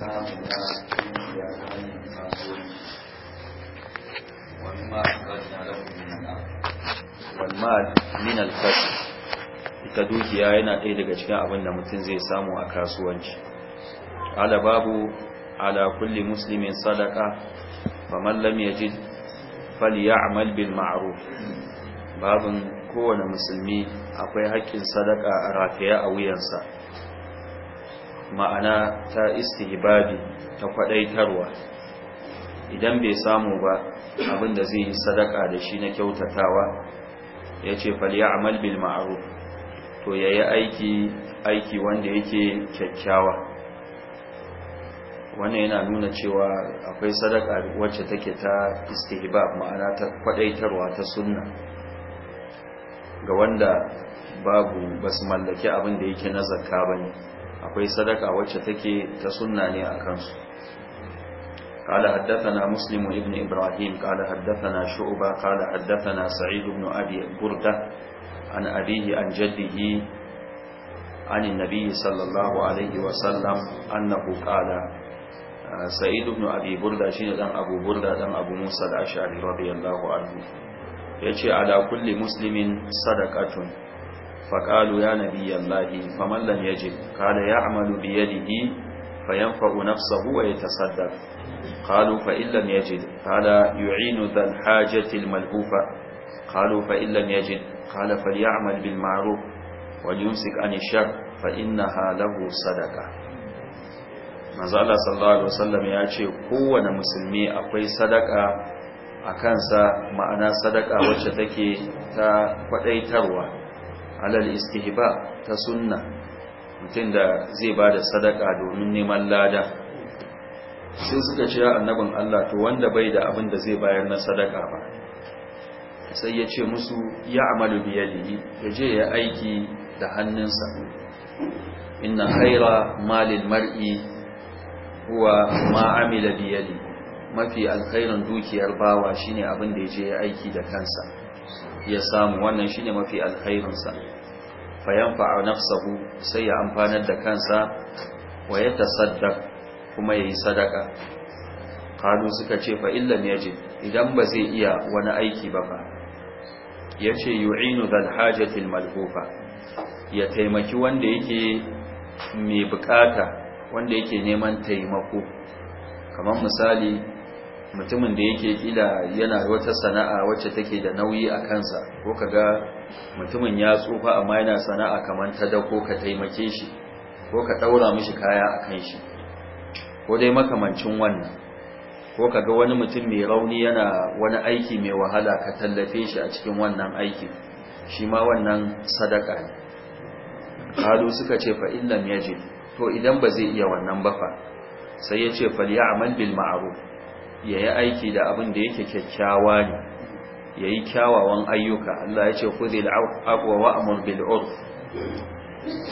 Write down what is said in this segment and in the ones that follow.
ta wani walmal min alfasl ita dukiya yana ɗaya daga cikin abin da mutum zai samu a kasuwanci ala babu ala kulli muslimin sadaka faman lam yajid falyamal bil ma'ruf babun kowane musulmi akwai haƙƙin sadaka a rafiya a wuyansa ma'ana ta istihbabi ta kwadaitarwa idan bai samu ba abin da zai yi sadaka da shi na kyautatawa ya ce amal bil ma'ruf to yayi aiki aiki wanda yake kyakkyawa wannan yana nuna cewa akwai sadaka wacce take ta istihbab ma'ana ta kwadaitarwa ta sunna ga wanda babu basu mallaki abin da yake na zakka bane akwai sadaka wacce take ta sunna ne a kansu قال حدثنا مسلم ابن إبراهيم قال حدثنا شعبة قال حدثنا سعيد بن أبي بردة عن أبيه عن جده عن النبي صلى الله عليه وسلم أنه قال سعيد بن أبي بردة شين دم أبو بردة دم أبو موسى الأشعري رضي الله عنه يجي على كل مسلم صدقة فقالوا يا نبي الله فمن لم يجب قال يعمل بيده فينفع نفسه ويتصدق قالوا فإن لم يجد قال يعين ذا الحاجة الملهوفة قالوا فإن لم يجد قال فليعمل بالمعروف وليمسك عن الشر فإنها له صدقة manzala sallallahu alaihi wasallam ya ce kowane musulmi akwai sadaka a kansa ma'ana sadaka wacce take ta kwadaitarwa alal istihba ta sunna mutum da zai ba da sadaka domin neman lada sai suka ce annabin Allah to wanda bai da abin da zai bayar na sadaka ba sai ya ce musu ya amalu biyalihi ya je ya aiki da hannunsa inna haira malin mar'i kuwa ma amila biyalihi mafi alkhairin dukiyar bawa shine abin da ya je ya aiki da kansa ya samu wannan shi ne mafi alhairinsa fa yanfa'u nafsahu sai ya amfanar da kansa wa ya tasaddaq kuma yi sadaka kanu suka ce fa illam yajid idan ba zai iya wani aiki ba fa ce yu'inu dal hajati malhufa ya taimaki wanda yake mai bukata wanda yake neman taimako kamar misali mutumin da yake kila yana wata sana'a wacce take da nauyi a kansa ko kaga mutumin ya tsufa amma yana sana'a kamar ta dako ka taimake shi ko ka daura mishi kaya a kan shi ko dai makamancin wannan ko kaga wani mutum mai rauni yana wani aiki mai wahala ka tallafe shi a cikin wannan aiki shi ma wannan sadaka ne Halu suka ce fa illam yajid to idan ba zai iya wannan ba fa sai ya ce fal ya'mal bil ma'ruf ya yi aiki da abin da yake kyakkyawa ne ya yi kyawawan ayyuka Allah ya ce kuzil aqwa wa amur bil urf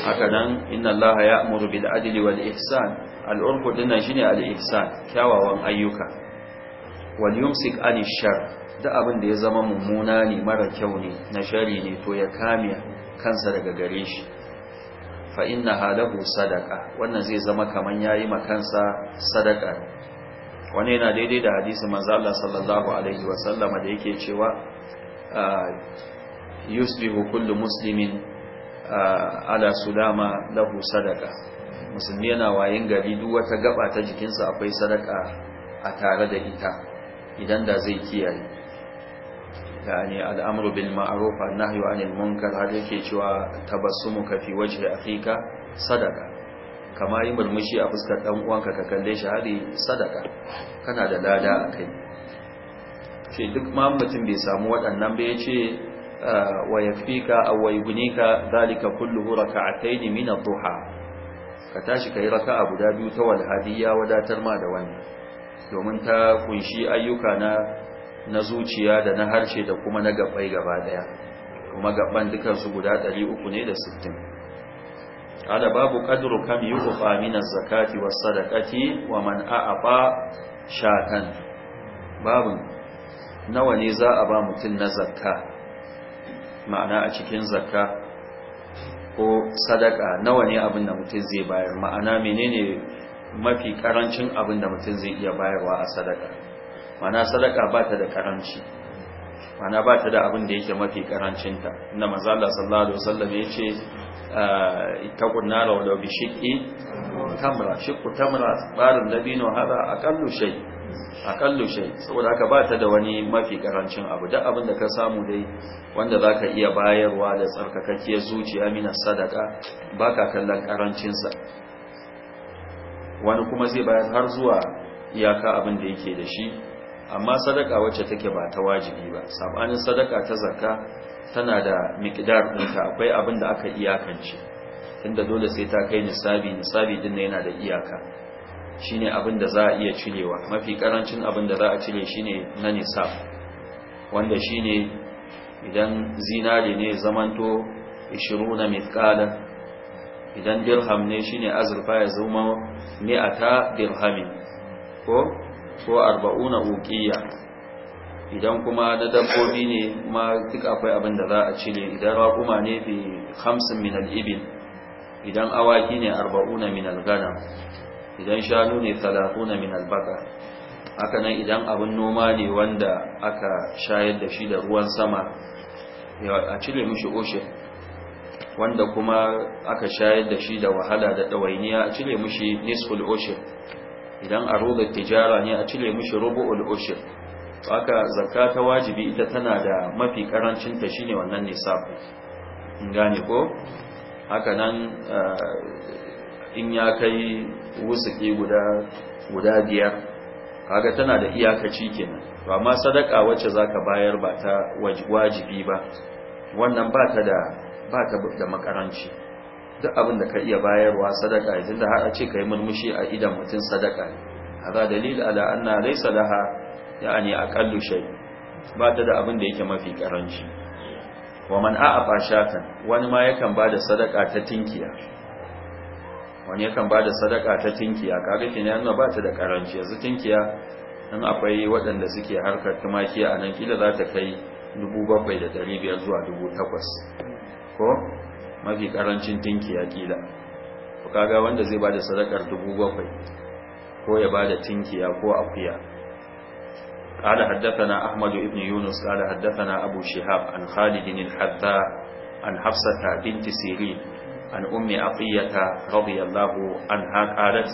haka nan inna Allah ya amur bil adili wal ihsan al urf shi shine al ihsan kyawawan ayyuka wal yumsik an shar da abin da ya zama mummuna ne mara kyau ne na shari ne to ya kame kansa daga gare shi fa inna halahu sadaka wannan zai zama kaman yayi makansa sadaka wani yana daidai da hadisi manzo Allah sallallahu alaihi wasallam da yake cewa ah, yusbihu kullu muslimin ah, ala sulama lahu sadaka musulmi yana wayin gari duk wata gaba ta jikinsa akwai sadaka a tare da ita idan da zai kiyaye yani al'amru bil ma'ruf an-nahyu anil munkar har yake cewa tabassumuka fi wajhi akhika sadaka kama yi murmushi a fuskar ɗan uwanka ka kalle shi hari sadaka kana da lada a kai ce duk ma bai samu waɗannan bai ce ah, wa ka a wa yughnika dhalika kulluhu raka'atayn ne ad-duha ka tashi ka yi raka a guda biyu ta walhadi, ya wadatar ma da wani. domin ta kunshi ayyuka na na zuciya da na harshe da kuma na gabai gaba daya kuma gaban dukansu guda ɗari uku ne da sittin. babu zakati wa sadakati wa man a'afa الزكاة babu Nawa ne za a ba mutum na zakka? Ma'ana a cikin zakka ko sadaka nawa ne abin da mutum zai bayar ma'ana menene mafi karancin abin da mutum zai iya bayarwa a sadaka ma'ana sadaka ba ta da karanci ma'ana ba ta da abin da yake mafi karancinta inda manzo sallallahu alaihi wasallam ya ce اتقوا النار ولو بشق tamra شق tamra barin dabino hada aqallu shay aqallu shay saboda haka ba ta da wani mafi ƙarancin abu da abin da ka samu dai wanda za ka iya bayarwa da tsarkakakkiyar zuciya mina sadaka baka kallon ƙarancinsa, wani kuma zai bayar har zuwa iyaka abin da yake da shi amma sadaka wacce take ba ta wajibi ba sabanin sadaka ta zakka tana da miqdar ɗinta akwai abin da aka iyakance tunda dole sai ta kai nisabi nisabi din ne yana da iyaka shine abin da za a iya cirewa mafi karancin abin da za a cire shine na nisab wanda shine idan zinare ne zamanto 20 mithqala idan dirham ne shine azurfa ya zama mi'ata dirhamin ko ko arba'una uqiya idan kuma na dabbobi ne ma duk akwai abin da za a cire idan raquma ne fi hamsin min al-ibil idan awaki ne arba'una min al-ghanam idan shanu ne talatuna min al-baqar haka nan idan abin noma ne wanda aka shayar da shi da ruwan sama a cire mishi oshe wanda kuma aka shayar da shi da wahala da ɗawainiya a cire mishi nisful oshe idan a rolar tijara ne a cire mishi rubu'ul to haka zakka ta wajibi ita tana da mafi karancin ta shine wannan nisabu in gane ko haka nan eh, in ya kai wusuki guda guda biyar kaga tana da iyakaci kenan to amma sadaka wacce zaka bayar ba ta wajibi ba wannan ba ta da ba ta da makaranci duk abin da ka iya bayarwa sadaka idan da har a ce ka yi a idan mutum sadaka ne haza dalil ala anna laysa laha yani aqallu shay ba ta da abin da yake mafi karanci wa man a'afa shatan wani ma yakan bada sadaka ta tinkiya wani yakan bada sadaka ta tinkiya kaga kin yana ba ta da karanci yanzu tinkiya in akwai waɗanda suke harkar tumaki a nan kila za ta kai 7500 zuwa 8000 ko mafi karancin tinkiya kila ku kaga wanda zai bada sadakar dubu bakwai ko ya bada tinkiya ko akuya قال حدثنا أحمد بن يونس قال حدثنا أبو شهاب عن خالد الحذاء عن حفصة بنت سيرين عن أم عطية رضي الله عنها قالت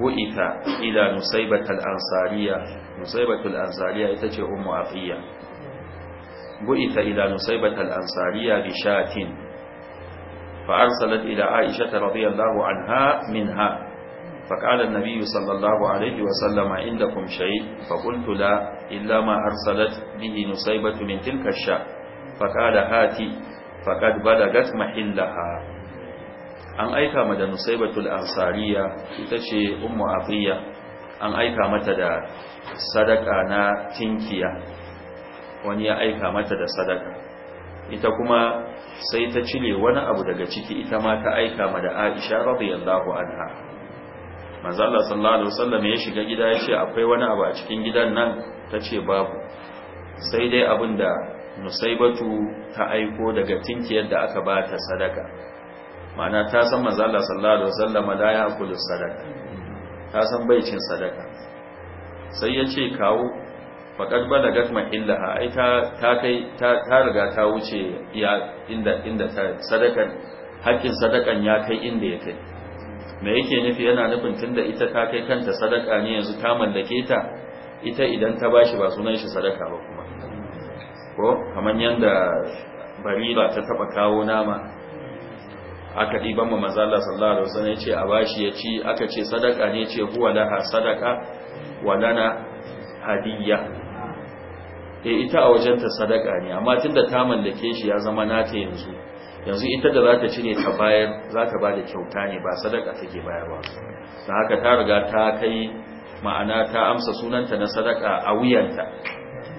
بعث إلى نصيبة الأنصارية نصيبة الأنصارية إتجه أم عطية بعث إلى نصيبة الأنصارية بشاة فأرسلت إلى عائشة رضي الله عنها منها فقال النبي صلى الله عليه وسلم عندكم شيء فقلت لا إلا ما أرسلت به نصيبة من تلك الشاء فقال هاتي فقد بلغت محلها an aika mata nusaibatul ansariya ita ce ummu afiya an aika mata da sadaka na tinkiya wani ya aika mata da sadaka ita kuma sai ta cile wani abu daga ciki ita ma ta aika ma da Aisha radiyallahu anha manzo Allah sallallahu alaihi wasallam ya shiga gida ya ce akwai wani abu a cikin gidan nan tace babu sai dai abin da Nusaibatu ta aiko daga tinkiyar da aka ba ta sadaka ma'ana ta san manzo Allah sallallahu alaihi wasallam da ya kula sadaka ta san bai cin sadaka sai ya ce kawo faƙar balagat mahillaha ai ta kai ta riga ta wuce ya inda inda sadakan haƙƙin sadakan ya kai inda ya kai me yake nufi yana nufin tunda ita ta kai kanta sadaka ne yanzu ta mallake ta ita idan ta bashi ba sunan shi sadaka ba kuma ko kamar yadda barira ta taba kawo nama aka ɗiban mu manzo sallallahu alaihi wasallam yace a bashi ya ci aka ce sadaka ne ce huwa laha sadaka wa lana hadiyya eh ita a wajenta sadaka ne amma tunda ta mallake shi ya zama nata yanzu yanzu ita da za ta cire ta bayar za ta ba kyauta ne ba sadaka take bayarwa da haka ta riga ta kai ma'ana ta amsa sunanta na sadaka a wuyanta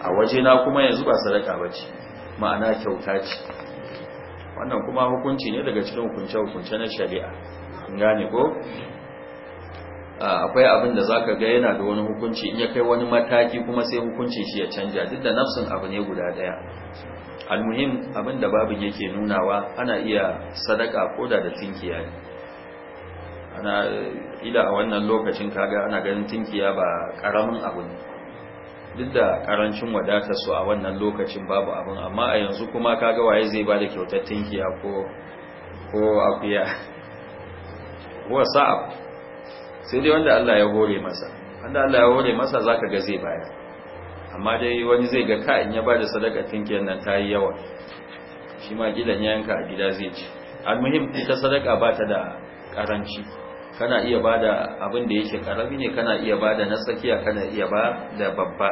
a wajena kuma yanzu ba sadaka ba ce ma'ana kyauta ce wannan kuma hukunci ne daga cikin hukunce-hukunce na shari'a gane ko akwai abin da zaka ga yana da wani hukunci in ya kai wani mataki kuma sai hukuncin shi ya canja duk da nafsin abu ne guda daya almuhim abin da babin yake nunawa ana iya sadaka koda da tinkiya ne ana ila a wannan lokacin kaga ana ganin tinkiya ba karamin abu ne duk da karancin wadatar su a wannan lokacin babu abin amma a yanzu kuma kaga waye zai bada kyautar tinkiya ko ko akuya sai dai wanda Allah ya hore masa wanda Allah ya hore masa zaka ga zai baya? amma dai wani zai ga ka in ya bada sadaka tinkiyar nan yi yawa shi ma gidan yanka a gida zai ci almuhim ita sadaka ba ta da karanci kana iya bada abin da yake karami ne kana iya bada na tsakiya kana iya ba da babba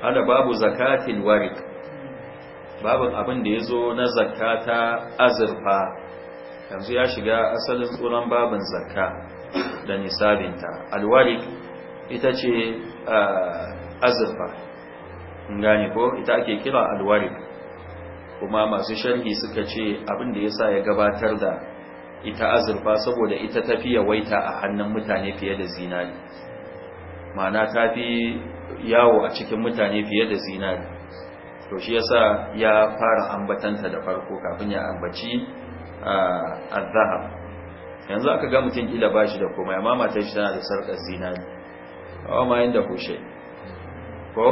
kada babu zakatin warik babu abin da ya zo na zakata azurfa yanzu ya shiga asalin tsoron babin zakka da nisabinta alwarik ita ce azurfa gani ko ita ake kira alwari kuma masu sharhi suka ce abin da sa ya gabatar da ita azurfa saboda ita tafi yawaita a hannun mutane fiye da zinari ma'ana ta fi yawo a cikin mutane fiye da zinari to shi yasa ya fara ambatanta da farko kafin ya ambaci azhar yanzu aka ga mutum kila bashi da komai amma matar shi tana da sarkar zinari amma ma yanda kushe ko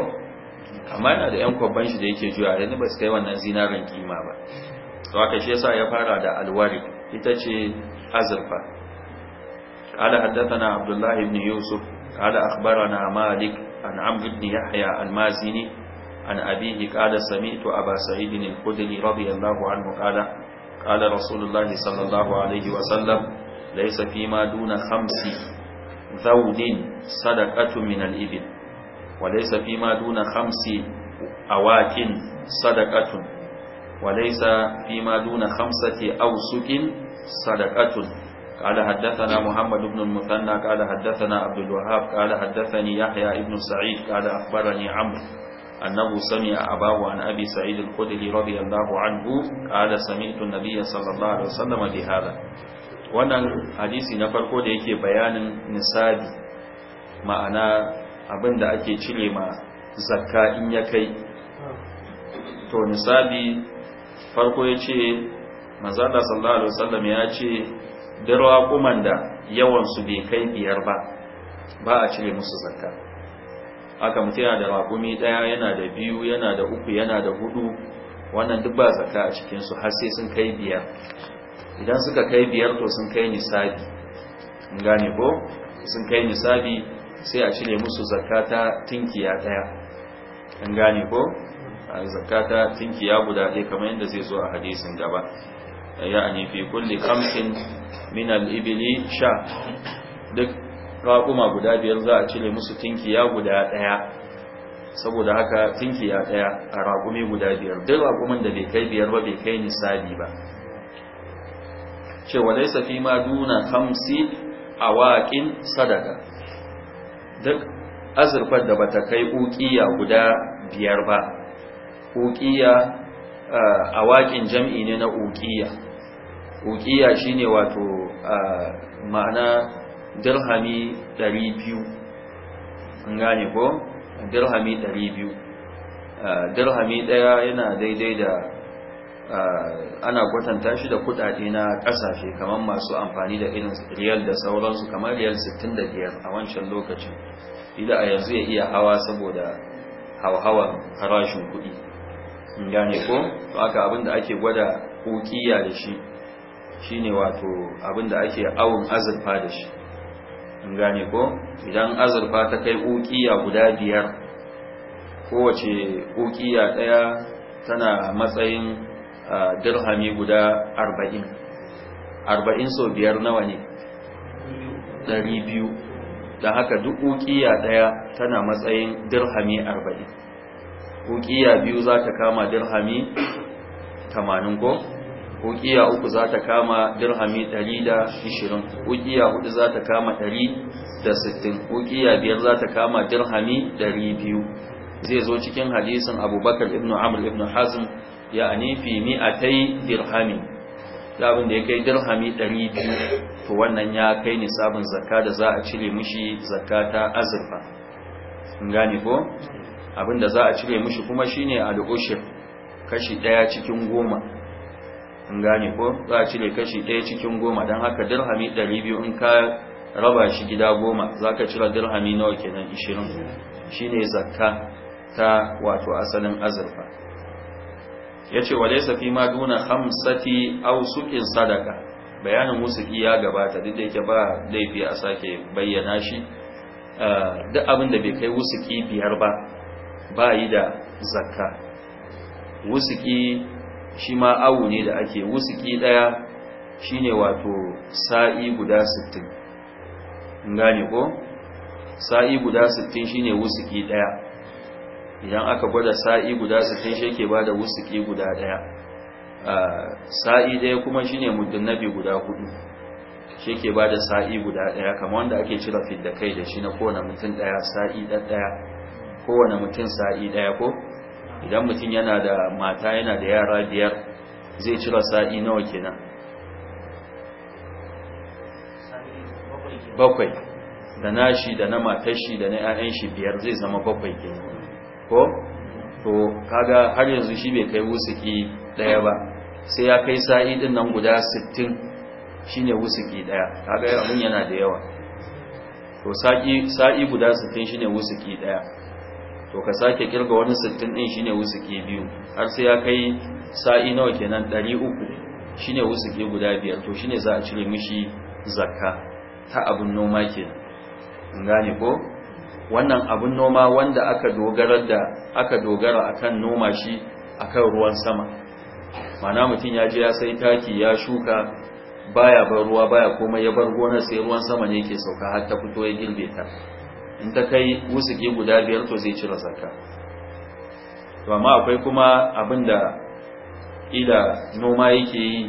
amma yana da yan kwabban shi da yake juya da ba su kai wannan zinarin kima ba to haka shi yasa ya fara da alwari ita ce azurfa قال حدثنا عبد الله بن يوسف قال أخبرنا مالك عن عمرو بن يحيى المازني عن أبيه قال سمعت أبا سعيد الخدري رضي الله عنه قال قال رسول الله صلى الله عليه وسلم ليس فيما دون خمس ذود صدقة من الإبل وليس فيما دون خمس أواك صدقة وليس فيما دون خمسة أوسك صدقة قال حدثنا محمد بن المثنى قال حدثنا عبد الوهاب قال حدثني يحيى بن سعيد قال أخبرني عمرو أنه سمع أباه عن أبي سعيد الخدري رضي الله عنه قال سمعت النبي صلى الله عليه وسلم بهذا wannan hadisi na farko da yake bayanin nisabi ma'ana abin da ake cire ma zakka in ya kai to nisabi farko ya ce mazala sallallahu alaihi wasallam ya ce dirwa kuman da yawansu bai kai biyar ba ba a cire musu zakka haka mutum yana da raƙumi ɗaya yana da biyu yana da uku yana da hudu wannan duk ba zaka a cikinsu har sai sun kai biyar idan suka kai biyar to sun kai nisabi gane ko sun kai nisabi sai a cire musu zakata tinkiya ɗaya an gane ko zakata tinkiya guda ɗaya kamar yadda zai zo a hadisin gaba ya'ani fi kulli khamsin min al-ibli sha duk raƙuma guda biyar za a cire musu tinkiya guda ɗaya saboda haka tinkiya ɗaya a raƙumi guda biyar duk raƙumin da bai kai biyar ba bai kai nisabi ba cewa dai safi ma duna hamsi a waƙin sadaka duk azurfar da bata kai ƙuƙiya guda biyar ba ƙuƙiya a waƙin jam'i ne na ƙuƙiya ƙuƙiya shine wato ma'ana dirhami 200 an gane ko dirhami 200 dirhami daya yana daidai da ana kwatanta shi da kudade na kasashe kamar masu amfani da irin riyal da sauransu kamar riyal 65 a wancan lokacin idan a yanzu ya iya hawa saboda hauhawan farashin kuɗi gane ko to aka abinda ake gwada kokiya da shi shine wato abinda ake awun azurfa da shi in gane ko idan azurfa ta kai ukiya guda biyar kowace ukiya ɗaya tana matsayin dirhami guda arba'in arba'in sau biyar nawa ne ɗari biyu don haka duk ukiya ɗaya tana matsayin dirhami arba'in ukiya biyu za ta kama dirhami tamanin ko ukiya uku za ta kama dirhami 120 ukiya hudu za ta kama 160 ukiya biyar za ta kama dirhami 200 zai zo cikin hadisin abubakar ibn amr ibn hazm ya anifi mi'atai dirhami labin da ya kai dirhami 200 to wannan ya kai nisabin zakka da za a cire mishi zakka ta azurfa gane ko abin da za a cire mishi kuma shine al-ushur kashi daya cikin goma in gane ko za a cire kashi ɗaya cikin goma don haka dirhami ɗari biyu in ka raba shi gida goma za ka cire dirhami nawa kenan ishirin shi ne zakka ta wato asalin azurfa ya ce wale safi ma duna hamsati au suƙin sadaka bayanin musuki ya gabata duk da yake ba laifi a sake bayyana shi ah, duk abin da bai kai wusuki biyar ba ba yi da zakka wusuki shi ma awu ne da ake Wusiki daya shine wato sa'i guda 60 gane ko sa'i guda 60 shine wusiki daya idan aka gwada sa'i guda 60 shi yake bada wusiki guda daya sa'i daya kuma shine muddin nabi guda hudu shi ba bada sa'i guda daya Kama wanda ake cira fidda kai da shi na kowane mutum daya sa'i ɗaya, kowane mutum sa'i ɗaya ko idan mutum yana da mata yana da yara biyar zai cira sa'i nawa kenan bakwai da nashi da na matashi da na 'ya'yan shi biyar zai zama bakwai kenan ko to kaga har yanzu shi bai kai wusuki daya ba sai ya kai sa'i din nan guda 60 shine wusuki daya kaga abun yana da yawa to sa'i sa'i guda 60 shine wusuki daya to ka sake kirga wani sittin din shine ke biyu har sai ya kai sa'i nawa kenan ɗari uku shine ke guda biyar to shine za a cire mishi zakka ta abin noma kenan in gane ko wannan abin noma wanda aka dogara da aka dogara akan noma shi akan ruwan sama mana mutum ya je ya sai taki ya shuka baya bar ruwa baya komai ya bar gonar sai ruwan sama ne yake sauka har ta fito ya girbe ta in ta kai wusuki guda biyar to zai cire zakka to amma akwai kuma abinda ila noma yake yi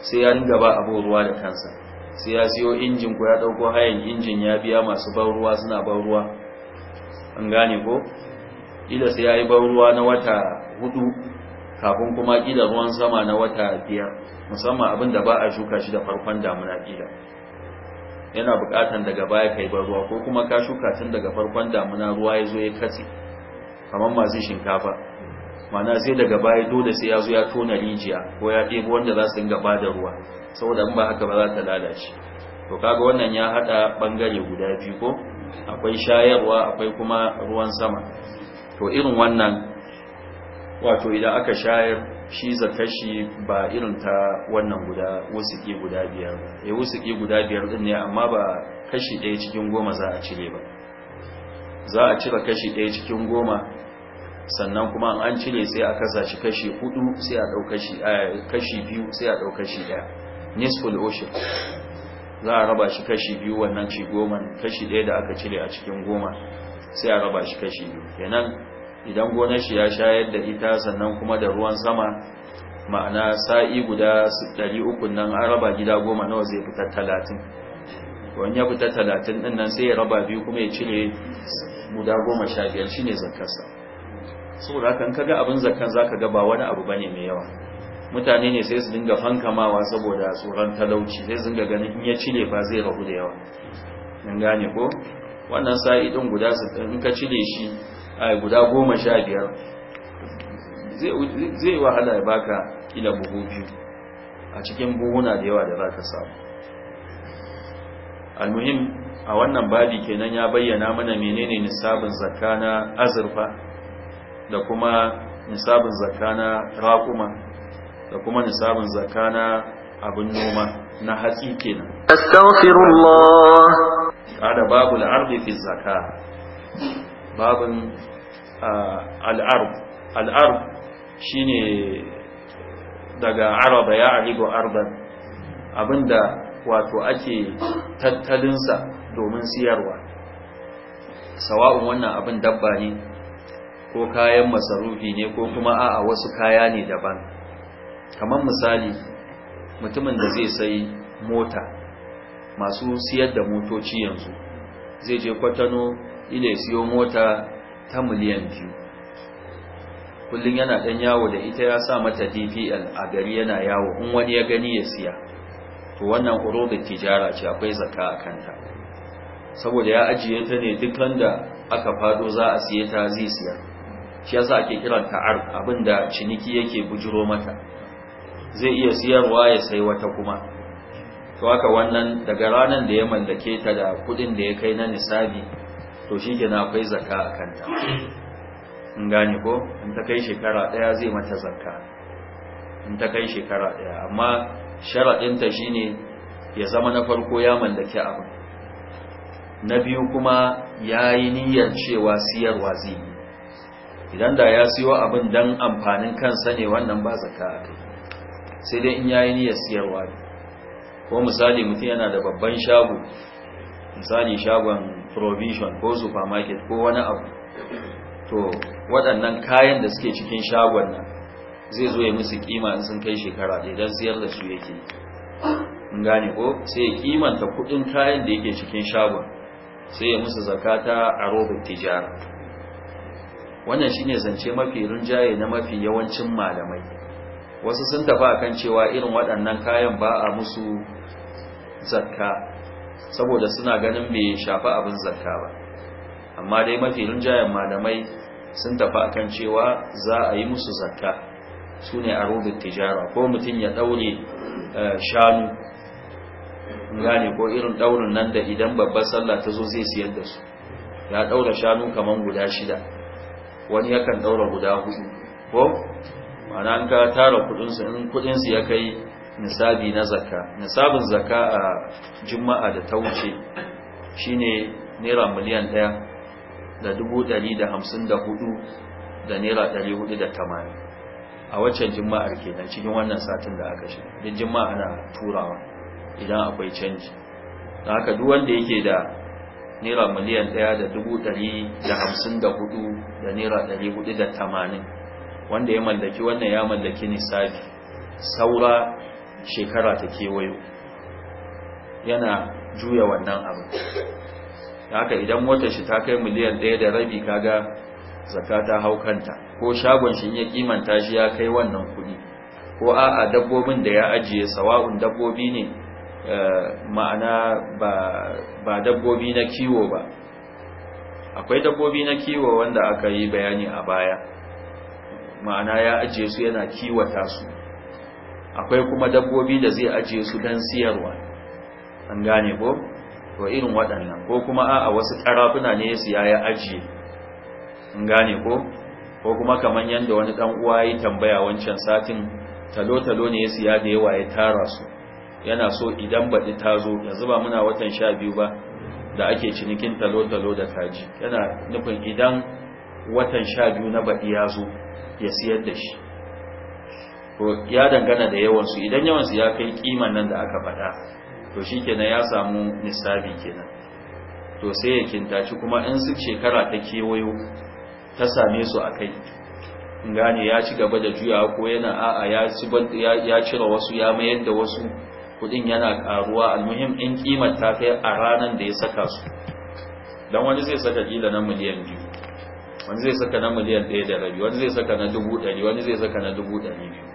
sai ya dinga ba abu ruwa da kansa sai ya siyo injin ko ya dauko hayan injin ya biya masu ban ruwa suna ban ruwa an gane ko ila sai ya yi ban ruwa na wata hudu kafin kuma ƙila ruwan sama na wata biyar musamman abin da ba a shuka shi da farkon damuna ƙila yana bukatan daga baya kai ban ruwa ko kuma ka shuka tun daga farkon damuna ruwa ya zo ya katse kamar masu shinkafa mana sai daga baya dole sai ya zo ya tona rijiya ko ya ɗebo wanda za su dinga gaba da ruwa saboda in ba haka ba za ta lalace to kaga wannan ya haɗa ɓangare guda biyu ko akwai shayarwa akwai kuma ruwan sama to irin wannan wato idan aka shayar shi zakashi ba irin ta wannan guda wusuki guda biyar ya eh, wusuki guda biyar din ne amma ba kashi ɗaya cikin goma za a cire ba za a cire kashi ɗaya cikin goma sannan kuma an cire sai a kasa shi kashi hudu sai a ɗau eh, kashi biyu sai a ɗau kashi ɗaya nisful ocean za a raba shi kashi biyu wannan ci goma kashi ɗaya da aka cire a cikin goma sai a raba shi kashi biyu kenan idan gona shi ya shayar da ita sannan kuma da ruwan sama ma'ana sa'i guda 300 nan an raba gida goma nawa zai fita talatin wani ya fita talatin din nan sai ya raba biyu kuma ya cire guda goma sha biyar shi ne zakarsa so da kan kaga abin zakar za ka ba wani abu bane mai yawa mutane ne sai su dinga fankamawa saboda tsoron talauci sai zinga ganin in ya cire ba zai ragu da yawa in gane ko wannan sa'i din guda 60 in ka cire shi ai guda goma sha biyar zai wahala ya baka ila buhu biyu a cikin buhuna da yawa da za ka samu almuhim a wannan babi kenan ya bayyana mana menene nisabin zakka na azurfa da kuma nisabin zakka na raƙuma da kuma nisabin zakka na abin noma na hatsi kenan astaghfirullah kada babu ardi fi zakka babin ah, al'arb al'arb shine daga araba ya arigo arban abinda wato ake tattalinsa domin siyarwa sawa'un wannan abin dabba ne ko kayan masarufi ne ko kuma a'a wasu kaya ne daban kamar misali mutumin da zai sai mota masu siyar da motoci yanzu zai je kwatano ile siyo mota ta miliyan biyu kullum yana ɗan yawo da ita ya sa mata dpl a gari yana yawo in wani ya gani ya siya to wannan urobin tijara ce akwai zaka a kanta saboda ya ajiye ta ne dukkan da aka fado za a siye ta zai siya shi yasa ake kiranta ar abinda ciniki yake bujiro mata zai iya siyarwa ya sai wata kuma to haka wannan daga ranar da ya mallake ta da kuɗin da ya kai na nisabi to shi gina akwai zaka a kanta in gane ko in ta kai shekara daya zai mata zaka in ta kai shekara daya amma sharaɗinta ne ya zama na farko ya mallaki abin na biyu kuma ya yi niyyar cewa siyarwa zai idan da ya siyo abin don amfanin kansa ne wannan ba zaka a kai sai dai in ya yi niyyar siyarwa ko misali mutum yana da babban shago misali shagon provision ko supermarket ko wani abu to waɗannan kayan da suke cikin shagon nan zai zo ya musu kima in sun kai shekara ɗaya don siyar da su yake in gane ko sai ya kimanta kuɗin kayan da yake cikin shagon sai ya musu zakata a robin tijara wannan shine zance mafi rinjaye na mafi yawancin malamai wasu sun tafi kan cewa irin waɗannan kayan ba a musu zakka saboda suna ganin bai shafi abin zakka ba amma dai mafi rinjayen malamai sun tafi akan cewa za a yi musu zakka su ne a rubin tijara ko mutum ya daure eh, shanu gane ko irin daurin nan da idan babbar sallah ta zo zai siyar da su ya daura shanu kamar guda shida wani yakan daura guda hudu ko ma'ana an ka tara kudinsu in kudinsu ya kai nisabi na zaka nisabin zaka a juma'a da ta wuce shine naira miliyan 1 da 154 da naira 480 a waccan juma'ar kenan cikin wannan satin da aka shi din juma'a na turawa idan akwai canji Da haka duk wanda yake da naira miliyan 1 da 154 da naira 480 wanda ya mallaki wannan ya mallaki nisabi saura shekara ta kewayo yana juya wannan abu haka idan motar shi ta kai miliyan ɗaya da rabi kaga zaka ta hau kanta ko shagon shi ya kimanta shi ya kai wannan kuɗi ko a'a dabbobin da ya ajiye sawa'un dabbobi ne eh, ma'ana ba dabbobi na kiwo ba akwai dabbobi na kiwo wanda aka yi bayani a baya ma'ana ya ajiye su yana kiwata su akwai kuma dabbobi da zai ajiye su don siyarwa an gane ko to irin waɗannan ko kuma a wasu ƙarafuna ne su yaya ajiye an gane ko ko kuma kamar yadda wani ɗan uwa ya tambaya wancan satin talo-talo ne ya siya da yawa ya tara su yana so idan baɗi ta zo yanzu ba muna watan sha biyu ba da ake cinikin talo-talo da kaji yana nufin idan watan sha biyu na baɗi ya zo ya siyar da shi to ya dangana da yawansu idan yawansu ya kai kiman nan da aka faɗa to shikenan ya samu nisabi kenan to sai ya kintaci kuma in su shekara ta kewayo ta same su a kai gane ya ci gaba da juyawa ko yana a'a ya cire wasu ya mayar da wasu kudin yana karuwa almuhim in kimar ta kai a ranar da ya saka su don wani zai saka kila na miliyan biyu wani zai saka na miliyan ɗaya da rabi wani zai saka na dubu ɗari wani zai saka na dubu ɗari biyu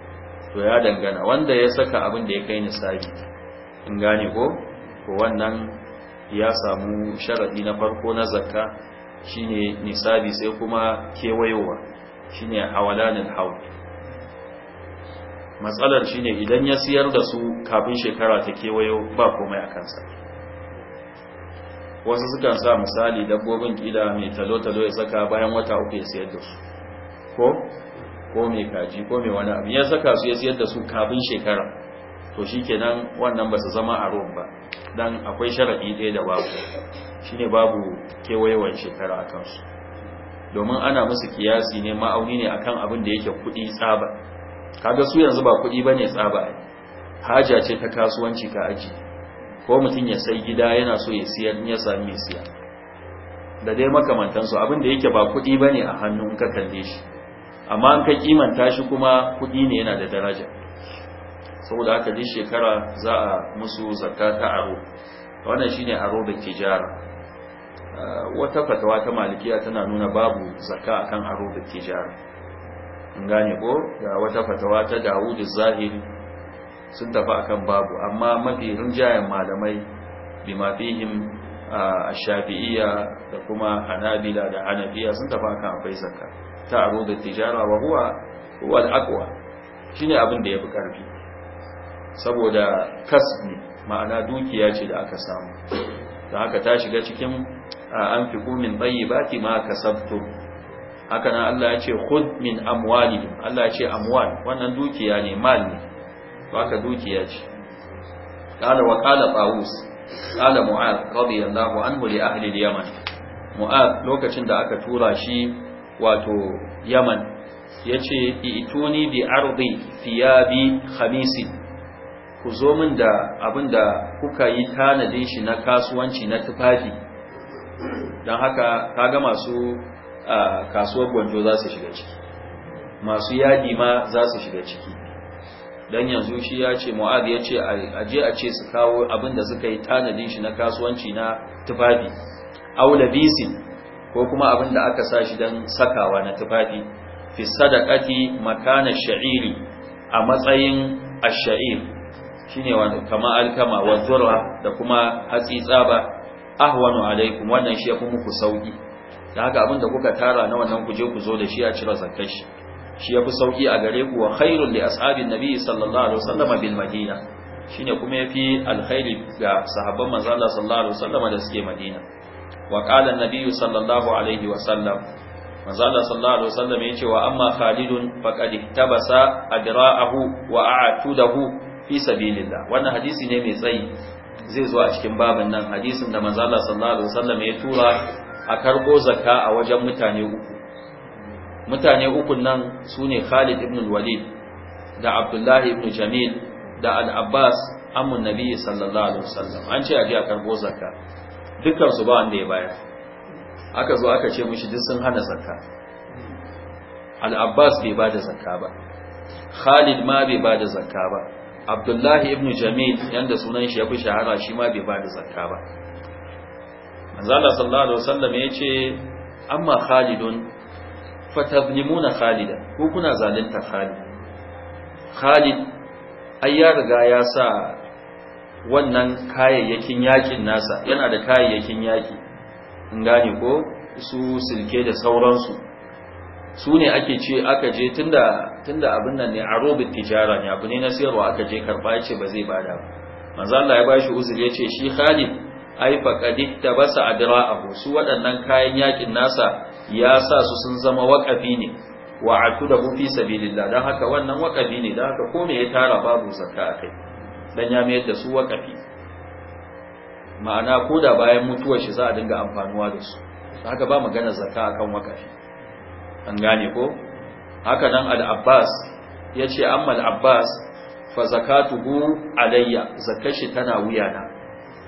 to ya dangana wanda ya saka abin da ya kai nisabi in gane ko ko wannan ya samu sharadi na farko na zakka shine nisabi sai kuma kewayowa shine hawalanil hawl matsalar shine idan ya siyar da su kafin shekara ta kewayo ba komai a kansa wasu sukan sa misali dabbobin kila mai talo-talo ya saka bayan wata uku ya siyar da su ko ko mai kaji ko mai wani abu ya saka su ya siyar da su kafin shekara to shi kenan wannan ba su zama a rom ba don akwai sharaɗi ɗaya da babu Shi ne babu kewayewar shekara a kansu domin ana musu kiyasi ne ma'auni ne akan abin da yake kuɗi tsaba kaga su yanzu ba kuɗi ba ne tsaba haja ce ta kasuwanci ka aji ko mutum ya sai gida yana so ya siyar ya sami siya da dai makamantansu abin da yake ba kuɗi ba ne a hannun ka kalle shi amma an kai kimanta shi kuma kuɗi ne yana da daraja saboda haka duk shekara za a musu zakka ta aro wannan shine aro da tijara ah, wata fatawa ta malikiya tana nuna babu zakka akan aro da tijara in gane ko da wata fatawa ta Dawud Zahiri sun tafi akan babu amma mafi rinjayen malamai bima fihim a ah, shafi'iyya da kuma hanabila da hanafiya sun tafi akan akwai zakka ta'arud da tijara wa huwa huwa shine abin da ya fi karfi saboda kasbi ma'ana dukiya ce da aka samu da haka ta shiga cikin anfiqu min tayyibati ma kasabtum haka nan Allah ya ce khud min amwalihim Allah ya ce wannan dukiya ne mal ne Ba ka dukiya ce قال وقال طاووس قال معاذ رضي الله عنه لأهل اليمن mu'ad lokacin da aka tura shi wato yaman ya ce ituni bi ardi fiyabi khamisi ku zo min da abin da kuka yi tanadin shi na kasuwanci na tufafi don haka kaga masu kasuwar gwanjo za su shiga ciki masu yadi ma za su shiga ciki don yanzu shi ya ce mu'ad ya ce aje a ce su kawo abin da suka yi tanadin shi na kasuwanci na tufafi Aula aulabisin ko kuma abin da aka sa shi don sakawa na tufafi fi sadaqati makana sha'iri a matsayin ash-sha'ir shine wani kama alkama wa da kuma hatsi tsaba ahwanu alaikum wannan shi yafi muku sauki da haka abin da kuka tara na wannan ku je ku zo da shi a cire zakkar shi shi yafi sauki a gare ku wa khairul li ashabin nabi sallallahu alaihi wasallam bil madina shine kuma yafi alkhairi ga sahabban manzo Allah sallallahu alaihi wasallam da suke madina wa qala an sallallahu alaihi wa sallam manzo Allah sallallahu alaihi wa sallam yace wa amma khalidun faqad ihtabasa adra'ahu wa a'tudahu fi sabilillah wannan hadisi ne mai tsayi zai zo a cikin babin nan hadisin da mazala Allah sallallahu alaihi wasallam ya tura a karbo zakka a wajen mutane uku mutane uku nan sune Khalid ibn al-Walid da Abdullah ibn Jamil da Al-Abbas Amun Nabi sallallahu alaihi wasallam an ce aje a karbo zakka dukkan su ba wanda ya bayar aka zo aka ce mushi duk sun hana zakka al-abbas bai bada zakka ba khalid ma bai bada zakka ba abdullahi ibn jamil yanda sunan shi ya fi shahara shi ma bai bada zakka ba manzala sallallahu alaihi wasallam ya ce amma khalidun fatazlimuna khalida ko kuna zalunta khalid khalid ayyar ga ya sa wannan kayayyakin yakin nasa yana da kayayyakin yaki in gane ko su silke da sauransu su ne ake ce aka je tunda abin nan ne a robin tijara ne abu ne na siyarwa aka je karba ce ba zai bada ba manzan ya bashi uzuri ya ce shi Khalid ai sa adira a su waɗannan kayan yakin nasa ya sa su sun zama waƙafi ne wa atudahu fi sabilillah Don haka wannan waƙafi ne don haka ko me ya tara babu a kai. dan ya mayar da su waƙafi ma'ana ko da bayan mutuwar shi za a dinga amfanuwa da su haka ba magana zakka akan waƙafi an gane ko haka nan al-abbas ya ce amma al-abbas fa zakatuhu alayya zakar shi tana wuyana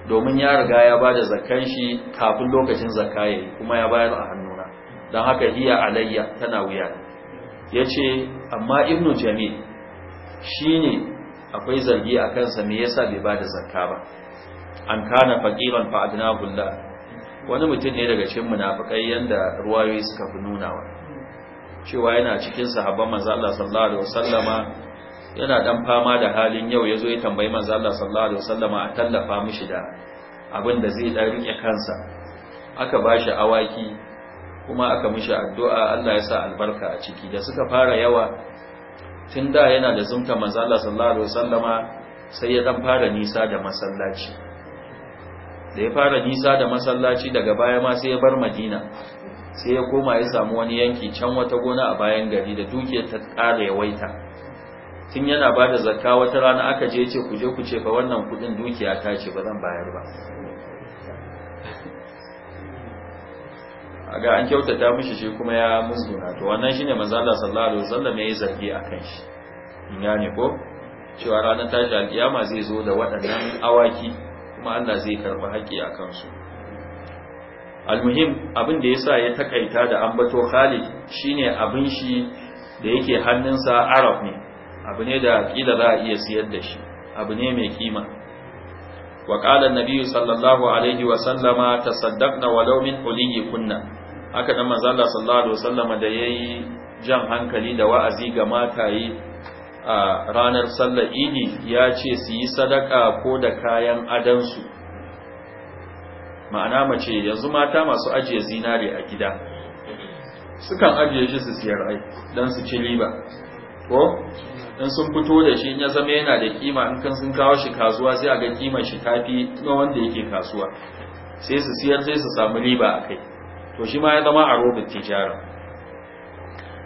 domin ya riga ya bada zakkan shi kafin lokacin zakka yayi kuma ya bayar a hannuna dan haka hiya alayya tana wuyana yace amma ibnu jamil shine akwai zargi a kansa me yasa bai ba da zakka ba an kana faqiran fa adna Allah wani mutum ne daga cikin munafikai yanda ruwayoyi suka fi nunawa cewa yana cikin sahabban manzo Allah sallallahu alaihi wasallama yana dan fama da halin yau yazo ya tambayi manzo Allah sallallahu alaihi wasallama a tallafa mishi da abin da zai dan rike kansa aka bashi awaki kuma aka mishi addu'a Allah ya sa albarka a ciki da suka fara yawa tun da yana da zumta manzo sallallahu alaihi wasallama sai ya dan fara nisa da masallaci da ya fara nisa da masallaci daga baya ma sai ya bar Madina sai ya koma ya samu wani yanki can wata gona a bayan gari da dukiyar ta ƙara yawaita tun yana ba da zakka wata rana aka je ce ku je ku ce fa wannan kuɗin dukiya ta ce ba zan bayar ba ga an kyautata mishi shi kuma ya musguna to wannan shine manzo Allah sallallahu alaihi wasallam yayi zargi akan shi in gane ko cewa ranar tashi alkiyama zai zo da waɗannan awaki kuma Allah zai karɓi haƙƙi a kansu almuhim abin da yasa ya takaita da ambato Khalid shine abin shi da yake hannunsa Arab ne abu ne da kila za a iya siyar da shi abu ne mai kima wa qala an-nabiy sallallahu alaihi wa sallama tasaddaqna walau min kunna haka dan manzo Allah sallallahu alaihi wasallam da yayi jan hankali da wa'azi ga matayi a ranar sallar idi ya ce su yi sadaka ko da kayan adansu ma'ana mace yanzu mata masu ajiye zinare a gida sukan ajiye shi su siyar ai don su ci riba ko in sun fito da shi in ya zama yana da kima in kan sun kawo shi kasuwa sai a ga kimar shi tafi na wanda yake kasuwa sai su siyar sai su samu riba a kai to shi ma ya zama a robin tijara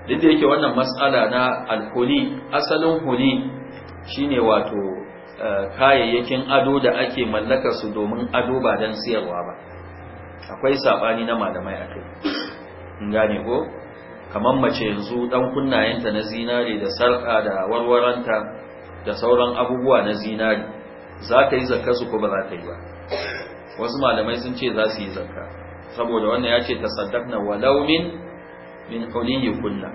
duk da yake wannan matsala na alkoli asalin huni shine wato eh, kayayyakin ado da ake mallakar su domin ado ba don siyarwa ba akwai sabani na malamai a kai in gane ko kamar mace yanzu dan kunnayenta na zinare da sarka da warwaranta da sauran abubuwa na zinare za ta yi zakka su ko ba za ta yi ba wasu malamai sun ce za su yi zakka saboda wannan ya ce tasaddaqna walau min min huliyi kulla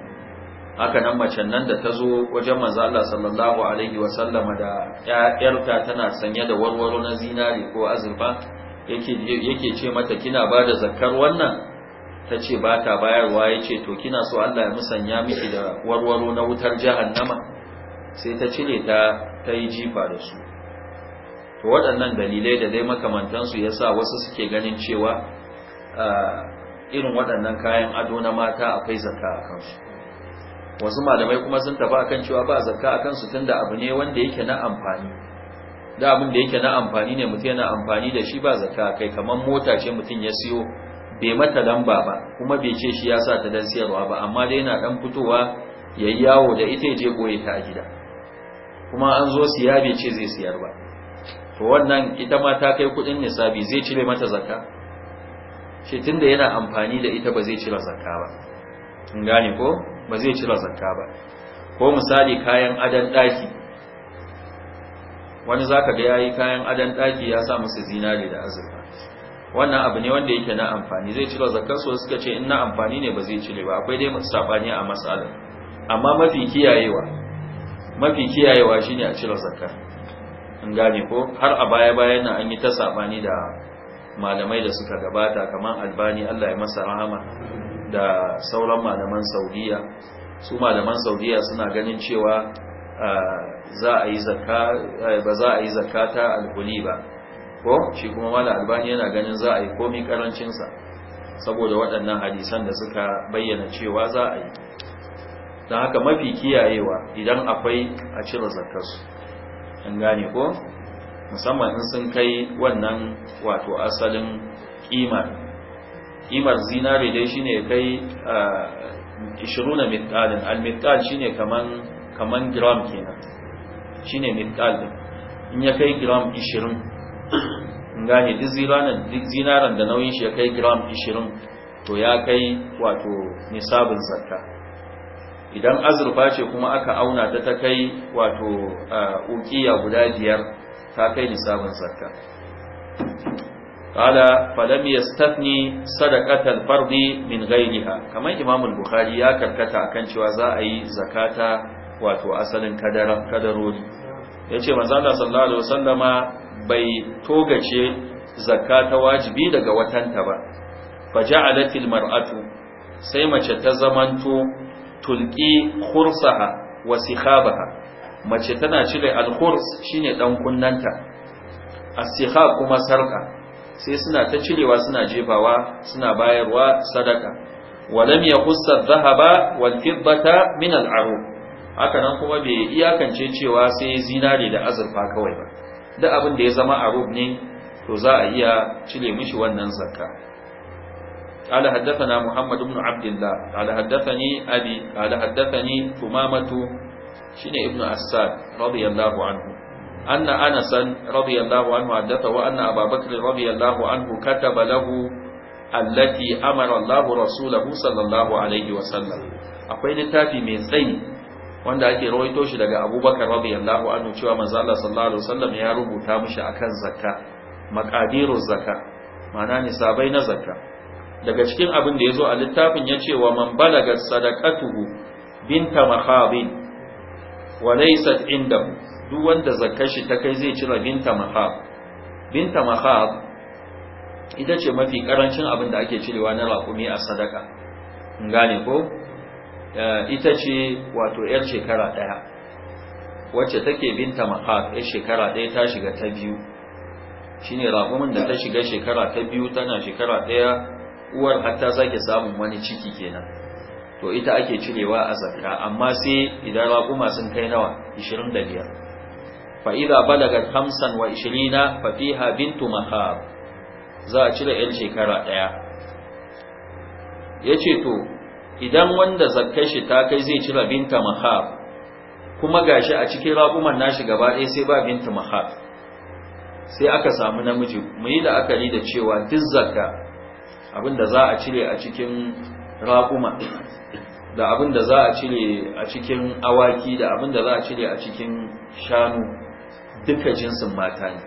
haka nan macen nan da ta zo wajen manzo Allah sallallahu alaihi wa sallama da ƴarta tana sanye da warwaro na zinari ko azurfa yake yake ce mata kina ba da zakkar wannan ta ce ba ta bayarwa ya ce to kina so Allah ya musanya miki da warwaro na wutar jahannama sai ta cire ta ta yi jifa da su to waɗannan dalilai da dai makamantansu ya sa wasu suke ganin cewa irin waɗannan kayan ado na mata akwai zakka a kansu wasu malamai kuma sun tafi akan cewa ba zakka a kansu tunda abu ne wanda yake na amfani da abin da yake na amfani ne mutum yana amfani da shi ba zakka kai kamar mota ce mutum ya siyo bai mata lamba ba kuma bai ce shi ya sa ta dan siyarwa ba amma dai yana dan fitowa ya yi yawo da ita je goye ta a gida kuma an zo siya bai ce zai siyar ba to wannan ita ma ta kai kudin nisabi zai cire mata zakka shi tunda yana amfani da ita ba zai cira zakka ba in gane ko ba zai cira zakka ba ko misali kayan adan daki wani zaka ga yayi kayan adan daki ya sa musu zinare da azurfa wannan abu ne wanda yake na amfani zai cire zakar su suka ce in na amfani ne ba zai cire ba akwai dai sabani a matsalar amma mafi kiyayewa mafi kiyayewa shine a cire zakka in gane ko har a baya bayan nan an yi ta sabani da malamai da suka gabata kamar albani Allah ya masa rahama da sauran malaman saudiya su malaman saudiya suna ganin cewa za yi zakka ba za a yi zakka ta alkuli ba ko shi kuma malam albani yana ganin za a yi komai karancin saboda waɗannan hadisan da suka bayyana cewa za a yi don haka mafi kiyayewa idan akwai a cire zakkarsu an gane ko musamman in sun kai wannan wato asalin kimar kimar zinare dai shine kai 20 ah, mitqalin al-mitqal shine kaman kaman gram kenan shine mitqal din in ya kai gram 20 in gane duk zinaran duk zinaran da nauyin shi ya kai gram 20 to ya kai wato nisabin zakka idan azurfa ce kuma aka auna ta ta kai wato ah, uqiya guda biyar ka kai nisabin zakka qala falam yastathni sadaqatal fardi min ghayriha kamar imam al-bukhari ya karkata akan cewa za a yi zakata wato asalin kadara kadarori yace manzo Allah sallallahu alaihi wasallama bai togace zakka ta wajibi daga watanta ba faja'alatil mar'atu sai mace ta zamanto tulqi khursaha wa sikhabaha mace tana cire alkhurs shine dan kunnanta asiha kuma sarka sai suna ta cirewa suna jefawa suna bayarwa sadaka walam yaqussa adh-dhahaba wal-fiddata min al-arub haka nan kuma bai iyakance cewa sai zinare da azurfa kawai ba duk abin da ya zama arub ne to za a iya cire mishi wannan zakka قال حدثنا محمد بن عبد الله قال حدثني أبي قال حدثني shine ibnu Assad radiyallahu anhu anna Anasan radiyallahu anhu haddatha wa anna Abu Bakr radiyallahu anhu kataba lahu allati amara Allahu rasulahu sallallahu alaihi wa sallam akwai littafi mai tsayi wanda ake rawaito shi daga Abubakar radiyallahu anhu cewa manzo Allah sallallahu alaihi wasallam ya rubuta mishi akan zakka maqadiruz zakka ma'ana nisabai na zakka daga cikin abin da yazo a littafin yace wa man balaga sadaqatuhu binta mahabin wa laysat indahu duk wanda zakkar shi ta kai zai cire binta mahab binta mahab ita ce mafi karancin abin da ake cirewa na raƙumi a sadaka in gane ko eh, ita ce wato yar shekara ɗaya wacce take binta mahab yar shekara ɗaya ta shiga ta biyu shine raƙumin da ta shiga shekara ta biyu tana shekara ɗaya uwar har ta sake samun wani ciki kenan to ita ake cirewa a zakka amma sai idan raƙuma sun kai nawa 25 fa idza balagat 25 fa fiha bintu mahab za a cire yan shekara daya yace to idan wanda zakkar shi ta kai zai cire binta mahab kuma gashi a cikin rakuman nashi gaba ɗaya sai ba binta mahab sai aka samu namiji mu yi la'akari da cewa duk zakka abinda za a cire a cikin raƙuma da abin da za a cire a cikin awaki da abin da za a cire a cikin shanu duka jinsin mata ne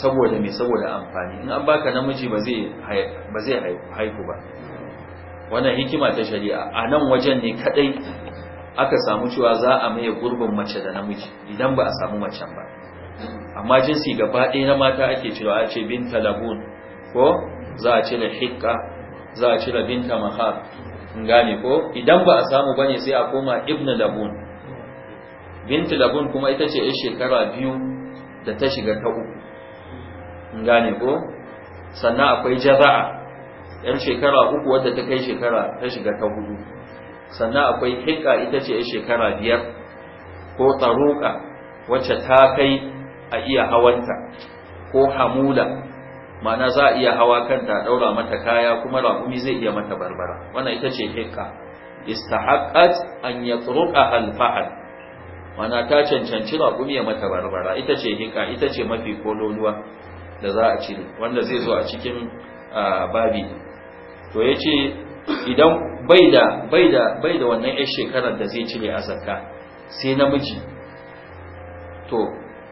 saboda mai saboda amfani in an baka namiji ba zai haiku ba wannan hikima ta shari'a a nan wajen ne kadai aka samu cewa za a maye gurbin mace da namiji idan ba a samu mace ba amma jinsi gaba ɗaya na mata ake cewa a ce binta talabun ko za a cire hikka za a cire binta tamaha in gane ko idan ba a samu bane sai a koma ibn labun bint labun kuma ita ce yar shekara biyu da ta shiga ta uku in gane ko sannan akwai jaza'a 'yan shekara uku wadda ta kai shekara ta shiga ta hudu sannan akwai hikka ita ce yar shekara biyar ko taruka wacce ta kai a iya hawanta ko hamula ma'ana za a iya hawa kanta a ɗaura mata kaya kuma raƙumi zai iya mata barbara wannan ita ce hikka istahaqqat an yatruqa hal fa'al ma'ana ta cancanci raƙumi ya mata barbara ita ce hikka ita ce mafi kololuwa da za a cire wanda zai zo a cikin babi to yace idan bai da bai da bai da wannan 'yar shekarar da zai cire a zakka sai namiji to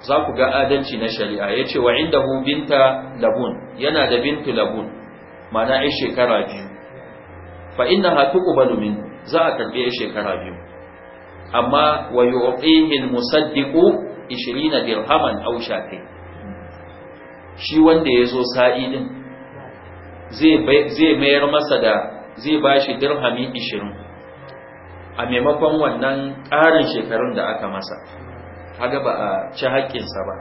za ku ga adalci na shari'a ya ce wa inda hu binta labun yana da bintu labun mana ai shekara biyu fa inna ha tuqbalu min za a karbi ai shekara biyu amma wa yu'tihi al-musaddiqu 20 dirhaman aw shafi shi wanda ya zo sa'i din zai mayar masa da zai bashi dirhami 20 a maimakon wannan ƙarin shekarun da aka masa kaga ba a ci haƙƙinsa ba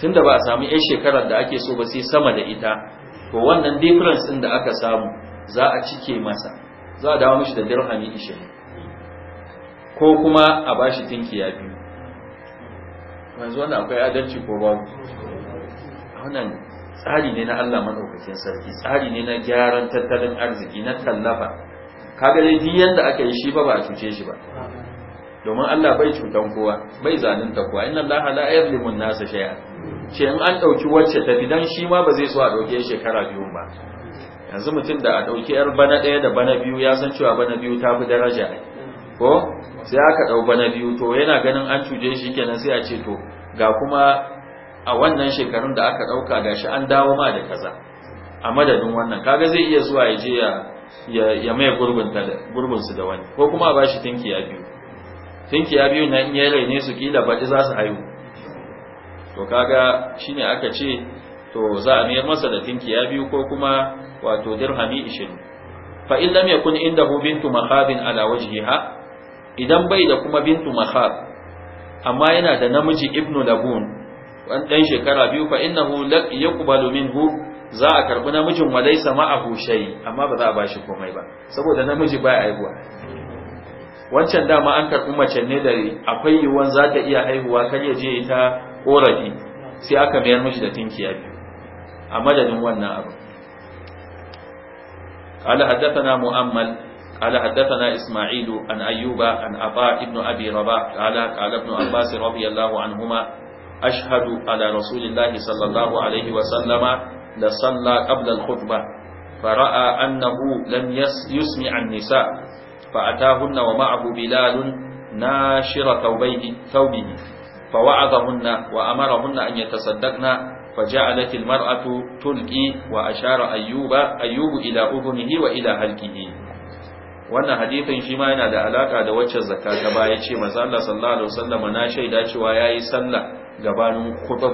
tunda ba a samu 'yan shekarar da ake so ba sai sama da ita to wannan difference ɗin da aka samu za a cike masa za a dawo mishi da dirhami ishirin ko kuma a bashi ya biyu yanzu wannan akwai adalci ko ba wannan tsari ne na Allah madaukakin sarki tsari ne na gyaran tattalin arziki na tallafa kaga dai duk yanda aka yi shi ba ba a cuce shi ba domin Allah bai cutan kowa bai ta kowa inna Allah la yazlimu an-nasa shay'a ce in an dauki wacce tafi dan shi ma ba zai so a dauke shekara biyu ba yanzu mutum da a dauki yar bana daya da bana biyu ya san cewa bana biyu ta fi daraja ko sai aka dau bana biyu to yana ganin an cuje shi kenan sai a ce to ga kuma a wannan shekarun da aka dauka shi an dawo ma da kaza a madadin wannan kaga zai iya zuwa ya je ya ya mai gurbin su da wani ko kuma a bashi tinki ya biyu ya biyu na in ya ne su kila baɗi za su haihu to kaga shine aka ce to za a mayar masa da ya biyu ko kuma wato dirhami 20 fa in lam yakun indahu bintu mahabin ala wajhiha idan bai da kuma bintu mahab amma yana da namiji ibnu labun wan dan shekara biyu fa innahu la yaqbalu minhu za a karbi namijin walaysa ma'ahu shay amma ba za a bashi komai ba saboda namiji baya aibuwa wancan dama an karɓi mace ne da akwai yiwuwan za ta iya haihuwa kar ya je ita korafi sai aka mayar mishi da tinkiya biyu a madadin wannan abu قال حدثنا مؤمل قال حدثنا إسماعيل عن أيوب عن أبا ابن أبي رباح قال قال ابن عباس رضي الله عنهما أشهد على رسول الله صلى الله عليه وسلم لصلى قبل الخطبة فرأى أنه لم يسمع النساء فأتاهن ومعه بلال ناشر ثوبيه ثوبه فوعظهن وأمرهن أن يتصدقن فجعلت المرأة تلقي وأشار أيوب أيوب إلى أذنه وإلى هلكه wannan hadithin shi ma yana da alaka da wacce zakka ta baya ce manzo Allah sallallahu alaihi wasallam na shaida cewa yayi sallah gabanin khutba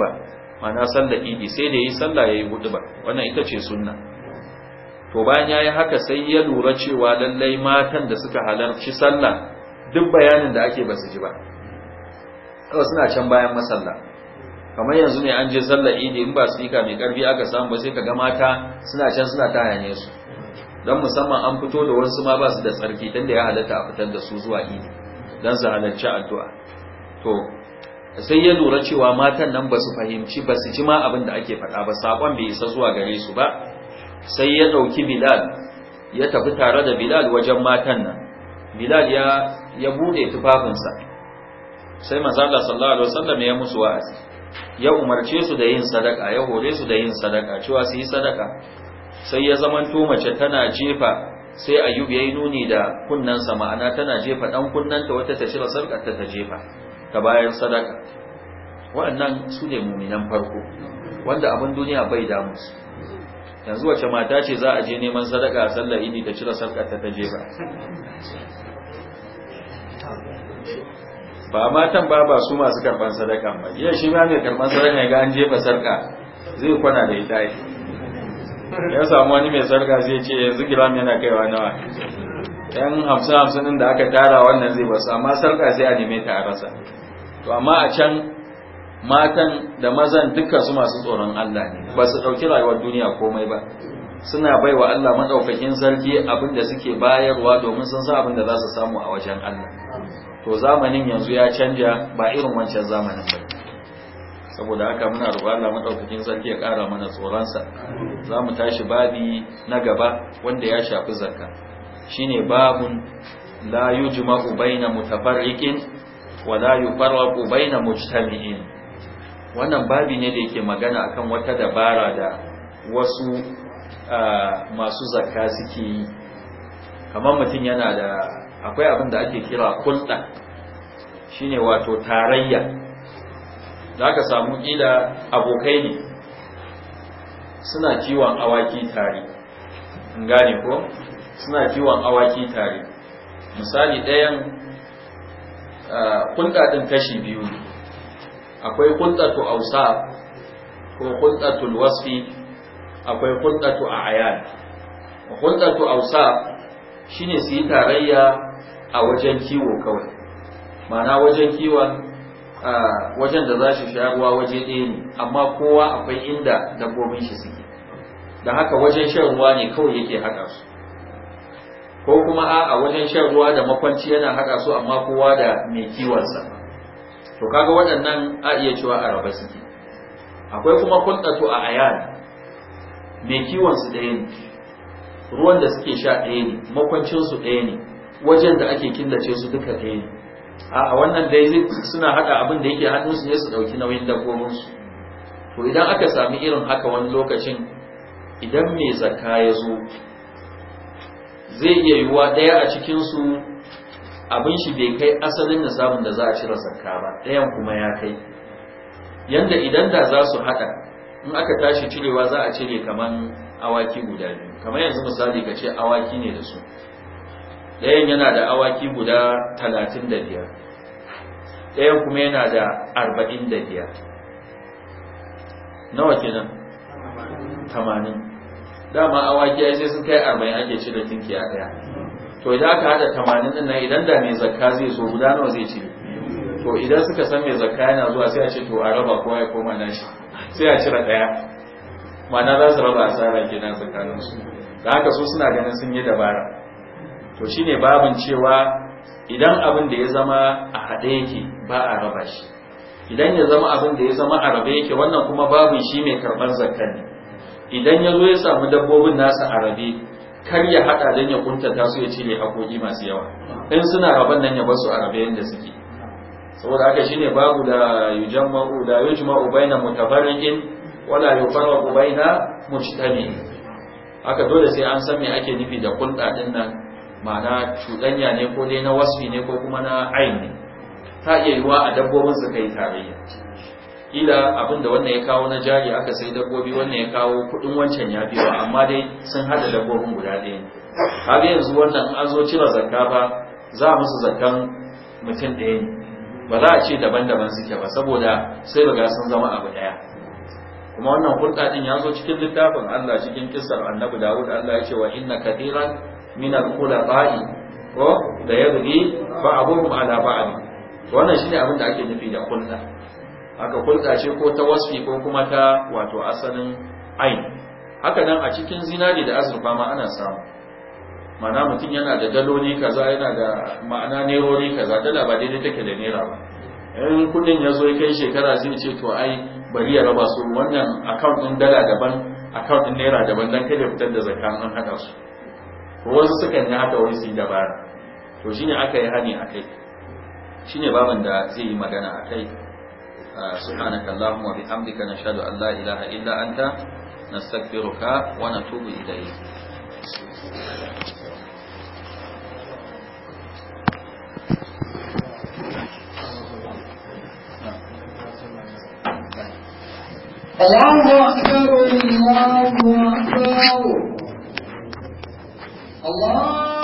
mana sallar idi sai da yayi sallah yayi khutba wannan ita ce sunna to bayan yayi haka sai ya lura cewa lallai matan da suka halarci sallah duk bayanin da ake ba su ji ba kawai suna can bayan masalla kamar yanzu ne an je sallah idi in ba ka mai karfi aka samu ba sai ka ga mata suna can suna ta hayane su don musamman an fito da wasu ma ba su da tsarki tun da ya halatta a fitar da su zuwa idi don su halarci addu'a to sai ya lura cewa matan nan ba su fahimci ba su ji ma abin da ake faɗa ba saƙon bai isa zuwa gare su ba sai ya ɗauki bilal ya tafi tare da bilal wajen matan nan bilal ya ya bude tufafinsa sai manzala sallallahu alaihi wasallam ya musu wa'azi ya umarce su da yin sadaka ya hore su da yin sadaka cewa su yi sadaka sai ya zamanto mace tana jefa sai ayyub yayi nuni da sa ma'ana tana jefa dan ta wata ta shira sarkar ta ta jefa ta bayan sadaka waɗannan su ne muminan farko wanda abin duniya bai damu su yanzu wace mata ce za a je neman sadaka a sallar idi ta cire sarkar ta taje ba ba matan ba ba su masu karban sadaka ba iya shi ma mai karban sadaka ga an jefa sarka zai kwana da ita ya samu wani mai sarka zai ce yanzu giram yana kaiwa nawa yan hamsin hamsin da aka tara wannan zai basu amma sarka sai a neme ta a rasa to amma a can matan da mazan duka su masu tsoron Allah ne ba su ɗauki rayuwar duniya komai ba suna baiwa Allah maɗaukakin sarki abin da suke bayarwa domin sun san abin da za su samu a wajen Allah to zamanin yanzu ya canja ba irin wancan zamanin ba saboda haka muna roƙon Allah maɗaukakin sarki ya ƙara mana tsoronsa za mu tashi babi na gaba wanda ya shafi zakka shine babun la yujma'u baina mutafarriqin wa la yufarraqu baina mujtami'in wannan babi ne da yake magana akan wata dabara da wasu masu zakka suke yi kamar mutum yana da akwai abin da ake kira hulɗa shine wato tarayya za ka samu ƙila abokai ne suna kiwon awaki tare gane ko suna kiwon awaki tare misali ɗayan kulɗa ɗin kashi biyu akwai hulɗatu ausa ko hulɗatul wasfi akwai hulɗatu a'yan hulɗatu ausa shine su yi tarayya a wajen kiwo kawai ma'ana wajen kiwon wajen da za shi shayarwa waje ɗaya ne amma kowa akwai inda dabbobin shi suke da haka wajen shan ruwa ne kawai yake haka su ko kuma a wajen shan ruwa da makwanci yana haɗa su amma kowa da mai kiwonsa to kaga waɗannan a iya cewa a raba suke akwai kuma kuntatu a ayan mai kiwon su ɗaya ne ruwan da suke sha ɗaya ne makwancin su ɗaya ne wajen da ake killace su duka ɗaya ne a wannan dai suna haɗa abin da yake hannun su ne su ɗauki nauyin dabbobin su to idan aka sami irin haka wani lokacin idan mai zakka ya zo zai iya yiwuwa ɗaya a cikin su abin shi bai kai asalin nisabin da za a cire zakka ba ɗayan kuma ya kai yanda idan da za su haɗa in aka tashi cirewa za a cire kaman awaki guda biyu kamar yanzu misali ka ce awaki ne da su ɗayan yana da awaki guda talatin da biyar ɗayan kuma yana da arba'in da biyar nawa kenan tamanin dama awaki ai sai sun kai arba'in ake cire a ɗaya to idan aka hada tamanin din nan idan da mai zakka zai zo guda nawa zai ci to idan suka san mai zakka yana zuwa sai a ce to a raba kowa ya koma shi sai a cire daya ma'ana za su raba asara gidan tsakanin su da haka su suna ganin sun yi dabara to shine babin cewa idan abin da ya zama a haɗe yake ba a raba shi idan ya zama abin da ya zama a rabe yake wannan kuma babin shi mai karɓar zakka ne idan ya zo ya samu dabbobin nasa a rabe kar ya hada don ya kuntata su ya cire haƙoƙi masu yawa in suna rabon nan ya basu a rabe da suke saboda haka shine babu da ma'u da yujma'u baina mutafarriqin wala yufarraqu baina mujtami haka dole sai an san me ake nufi da kunta din nan ma'ana cuɗanya ne ko dai na wasfi ne ko kuma na aini ta iya yiwa a dabbobin su kai tarayya kila abin da wannan ya kawo na jari aka sai dabbobi wannan ya kawo kudin wancan ya biyo amma dai sun hada dabbobin guda ɗaya har yanzu wannan an zo cire zakka ba za musu zakkan mutum ɗaya ne ba za a ce daban-daban suke ba saboda sai ga sun zama abu ɗaya kuma wannan hulɗa ɗin ya zo cikin littafin Allah cikin kisar annabi Dawud Allah ya ce wa inna kathiran min al-khulata'i ko da yabghi ba'dhum ala ba'd wannan shine abin da ake nufi da hulɗa haka hulɗa ce ko ta wasfi ko kuma ta wato asalin ain haka nan a cikin zinari da azurfa ma ana samu ma'ana mutum yana da daloli kaza yana da ma'ana nerori kaza dala ba daidai take da nera ba in kudin ya zo kai shekara zai ce to ai bari ya raba su wannan account ɗin dala daban account din naira daban dan kada fitar da zakka an hada su Ko wasu sukan yi haka wani su yi dabara to shine aka yi hani akai shine babin da zai yi magana akai سبحانك اللهم وبحمدك نشهد أن لا إله إلا أنت نستغفرك ونتوب إليك الله أكبر الله أكبر الله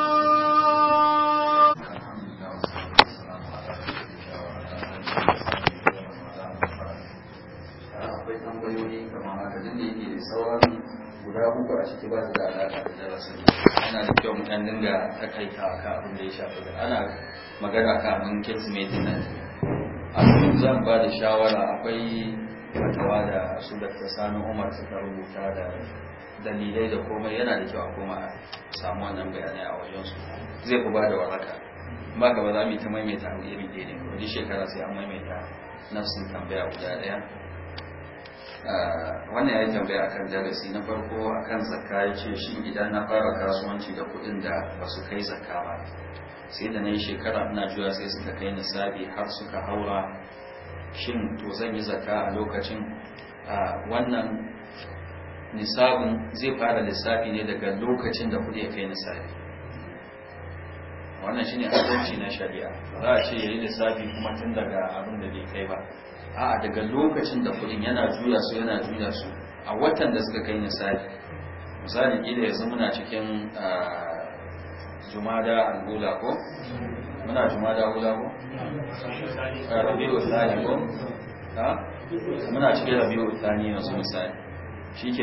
akwai tambayoyi kamar haka duk da yake sauran guda uku a ciki ba su da alaƙa da darasin ana da kyau mutan dinga takaita ka abin da ya shafi da ana magana kamin kirsimeti nan a zan ba da shawara akwai fatawa da su da sani umar suka rubuta da dalilai da komai yana da kyau a koma samu wannan bayanai a wajensu zai fi ba da waraka ba ka ba za mu yi ta maimaita a irin ɗaya wani duk shekara sai an maimaita nafsin tambaya guda daya Eh, wannan ya yi tambaya akan darasi na farko akan zakka ya ce shi idan na fara kasuwanci da kuɗin da ba su kai zakka ba sai da na yi shekara ina juya sai suka kai nisabi har suka haura shin to zan yi zakka a lokacin eh, wannan nisabin zai fara lissafi ne daga lokacin da kuɗi ya kai nisabi wannan shine hukunci na shari'a za a ce yayi lissafi kuma tun daga abin da bai kai ba a daga lokacin da kudin yana juya su yana juya su a watan da suka kai misali misali kila yanzu muna cikin jumada angola ko muna jumada angola ko rabi'u tsani ko muna cikin rabi'u tsani yanzu misali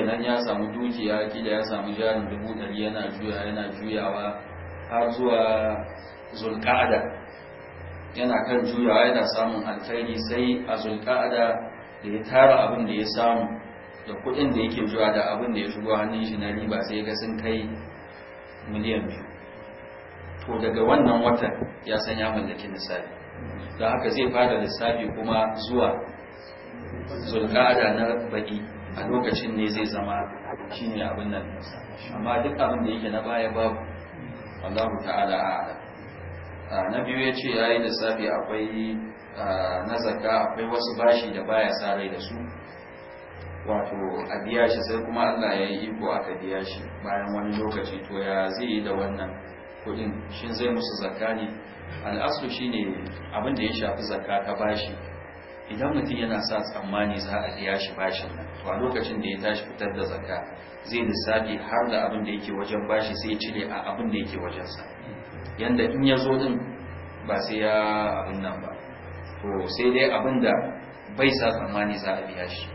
nan ya samu dukiya da ya samu jarin dubu ɗari yana juya yana juyawa har zuwa zulƙada yana kan juyawa yana samun alkhairi sai a zulka'ada da ya tara abin da ya samu da kuɗin da yake juwa da abin da ya shigo hannun shi na riba sai ga sun kai miliyan biyu to daga wannan watan ya san ya mallaki lissafi don haka zai fara lissafi kuma zuwa zulka'ada na baki a lokacin ne zai zama shine abin nan amma duk abin da yake na baya babu wallahu ta'ala a'lam na biyu ya ce ya yi lissafi akwai na zaka akwai wasu bashi da baya sa da su wato a biya shi sai kuma allah ya yi iko aka biya shi bayan wani lokaci to ya zai yi da wannan kudin shin zai musu zaka ne al'asu shi ne abin da ya shafi zaka ta bashi idan mutum yana sa tsammani za a biya shi bashin nan to a lokacin da ya tashi fitar da zaka zai lissafi har da abin da yake wajen bashi sai cire a abin da yake wajensa yanda in ya zo din ba sai ya abin nan ba to sai dai abin bai sa tsammani za a biya shi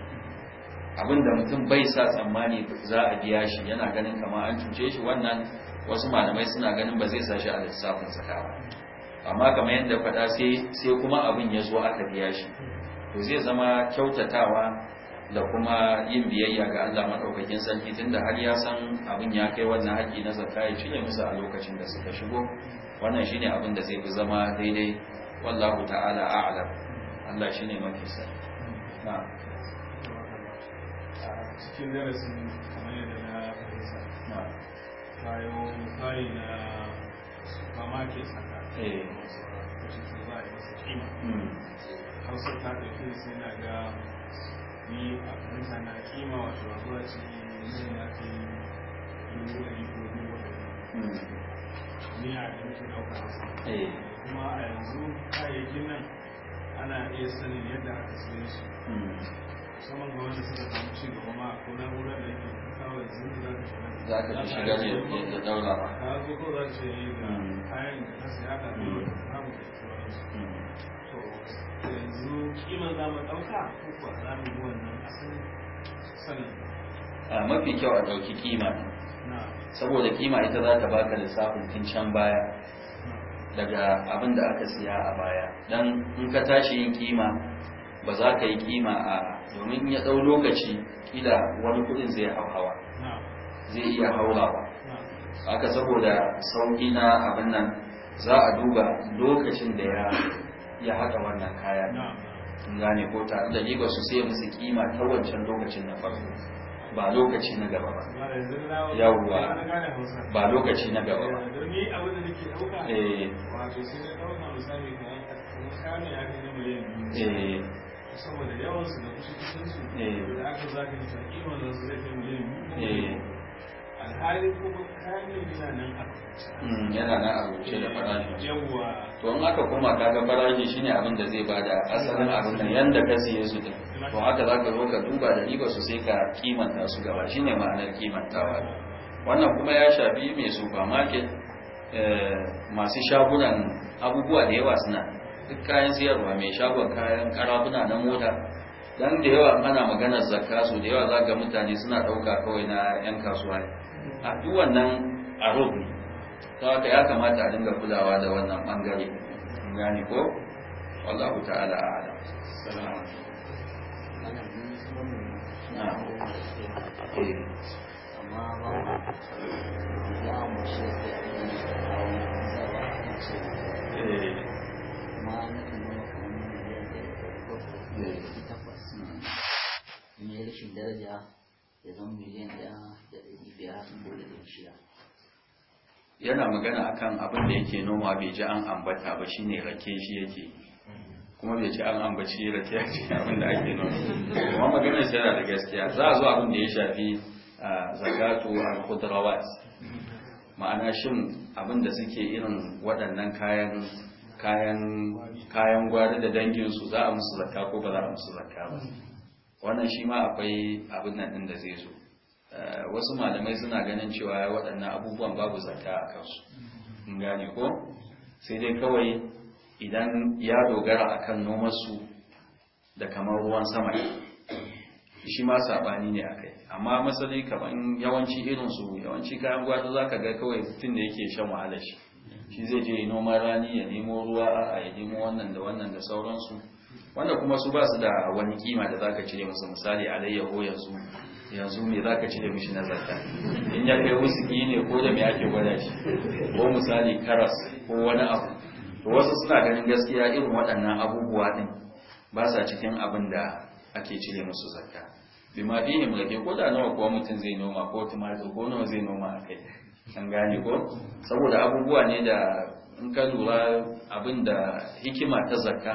abin mutum bai sa tsammani za a biya shi yana ganin kama an cuce shi wannan wasu malamai suna ganin ba zai sa shi a lissafin saka ba amma kamar yadda faɗa sai kuma abin ya zo aka biya shi to zai zama kyautatawa da kuma yin biyayya ga Allah madaukakin sarki tunda har ya san abin ya kai wannan haƙi na zakka ya cire musu a lokacin da suka shigo wannan shine abin da zai fi zama daidai wallahu ta'ala a'lam Allah shine mafi sani na cikin darasin kamar yadda na fahimta na kayo misali na ke haka eh kuma za a yi masa kima hmm. hausa ta ɗauke sai na ga ni mutane kima wato zuwa ce zai ya kai dubu ɗari ko dubu ni a yankin ɗaukar sa kuma a yanzu kayayyakin nan ana iya sanin yadda aka siyo su musamman ga wanda suka samu ci gaba ma ko na wurin da yake kawo yanzu da za ka shiga ya daura ba ko za ka ce ga kayan da ka siya ka zo ka mafi kyau a ɗauki kima saboda kima ita za ta baka lissafin tun can baya daga abin da aka siya a baya don in ka tashi yin kima ba za ka yi kima a domin ya ɗau lokaci ila wani kudin zai hawa zai iya haurawa aka saboda sauki na abin nan za a duba lokacin da ya Ya haka wannan kaya sun gane ko tare da riba su sai musu kima ta wancan lokacin na farko ba lokaci na gaba ba yawwa ba lokaci na gaba ba eh saboda yawansu da kusur kusursu eh. da aka zaka nisa kimanin su zai fi miliyan biyu eh. Hmm, yana nan a yana rubuce da farashi to in aka koma kaga farashi shine abin da zai bada asalin abin da yanda ka siye su din to haka zaka zo ka duba da riba su sai ka kimanta su gaba shine ma'anar kimantawa wannan kuma ya shafi mai supermarket eh, masu shagunan abubuwa da yawa suna duk kayan siyarwa mai shagon kayan karabuna na mota dan da yawa ana maganar zakka su da yawa zaka mutane suna dauka kawai na yan kasuwa ne a duk wannan a ne ta wata ya kamata a dinga kulawa da wannan bangare gane ko wallahu ta'ala a'lam ya zama miliyan ɗaya da ɗari yana magana akan abin da yake noma bai ji an ambata ba shine rake shi yake kuma bai ci an ambaci rake a cikin abin da ake noma kuma maganar sai da gaskiya za a zo abin da ya shafi zakatu al-khudrawat ma'ana shin abin da suke irin waɗannan kayan kayan kayan gwari da dangin su za a musu zakka ko ba za a musu zakka ba wannan shi ma akwai abin nan din da zai zo Eh, wasu malamai suna ganin cewa waɗannan abubuwan babu zata a kansu gane ko sai dai kawai idan ya dogara akan nomarsu da kamar ruwan sama shi ma sabani ne a kai amma masali kamar yawanci irinsu yawanci kayan gwaji za ka ga kawai tun da yake shan wahalar shi shi zai je noman rani ya nemo ruwa a ya nemo wannan da wannan da sauransu wanda kuma su ba su da wani kima da za ka cire musu misali alayyaho yanzu yanzu me za ka cire mishi na zakka in ya kai wusuki ne ko da me ake gwada shi ko misali karas ko wani abu to wasu suna ganin gaskiya irin waɗannan abubuwa ɗin ba sa cikin abin da ake cire musu zakka bi ma fihi ke ko da nawa kuwa mutum zai noma ko tumatir ko nawa zai noma a kai an gane ko saboda abubuwa ne da in ka lura abin da hikima ta zakka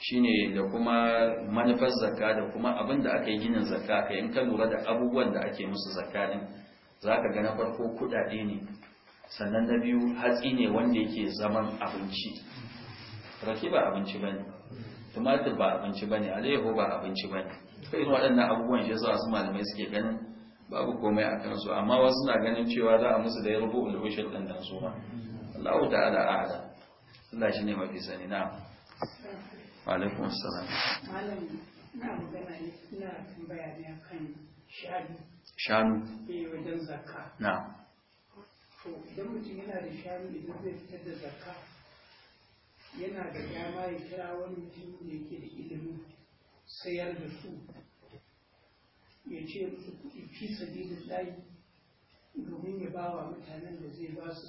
shine da kuma manufar zakka da kuma abin da aka yi ginin zakka ka yin ka lura da abubuwan da ake musu zakka din za ga na farko kudade ne sannan na biyu hatsi ne wanda yake zaman abinci rake ba abinci bane tumatir ba abinci bane alayyahu ba abinci bane kai waɗannan abubuwan shi yasa su malamai suke ganin babu komai a kansu amma wasu na ganin cewa za a musu da ya rubu ulwushir ɗin dan su ma Allah ta'ala a'ala Allah shine mafi sani na'am alaikun salam shanu eh, na idan mutum yana da shanu idan zai fitar da zakka yana da dama ya kira wani mutum da yake da ilimin sayar da su ya ce fi sabilin layi domin ya ba wa mutanen da zai ba su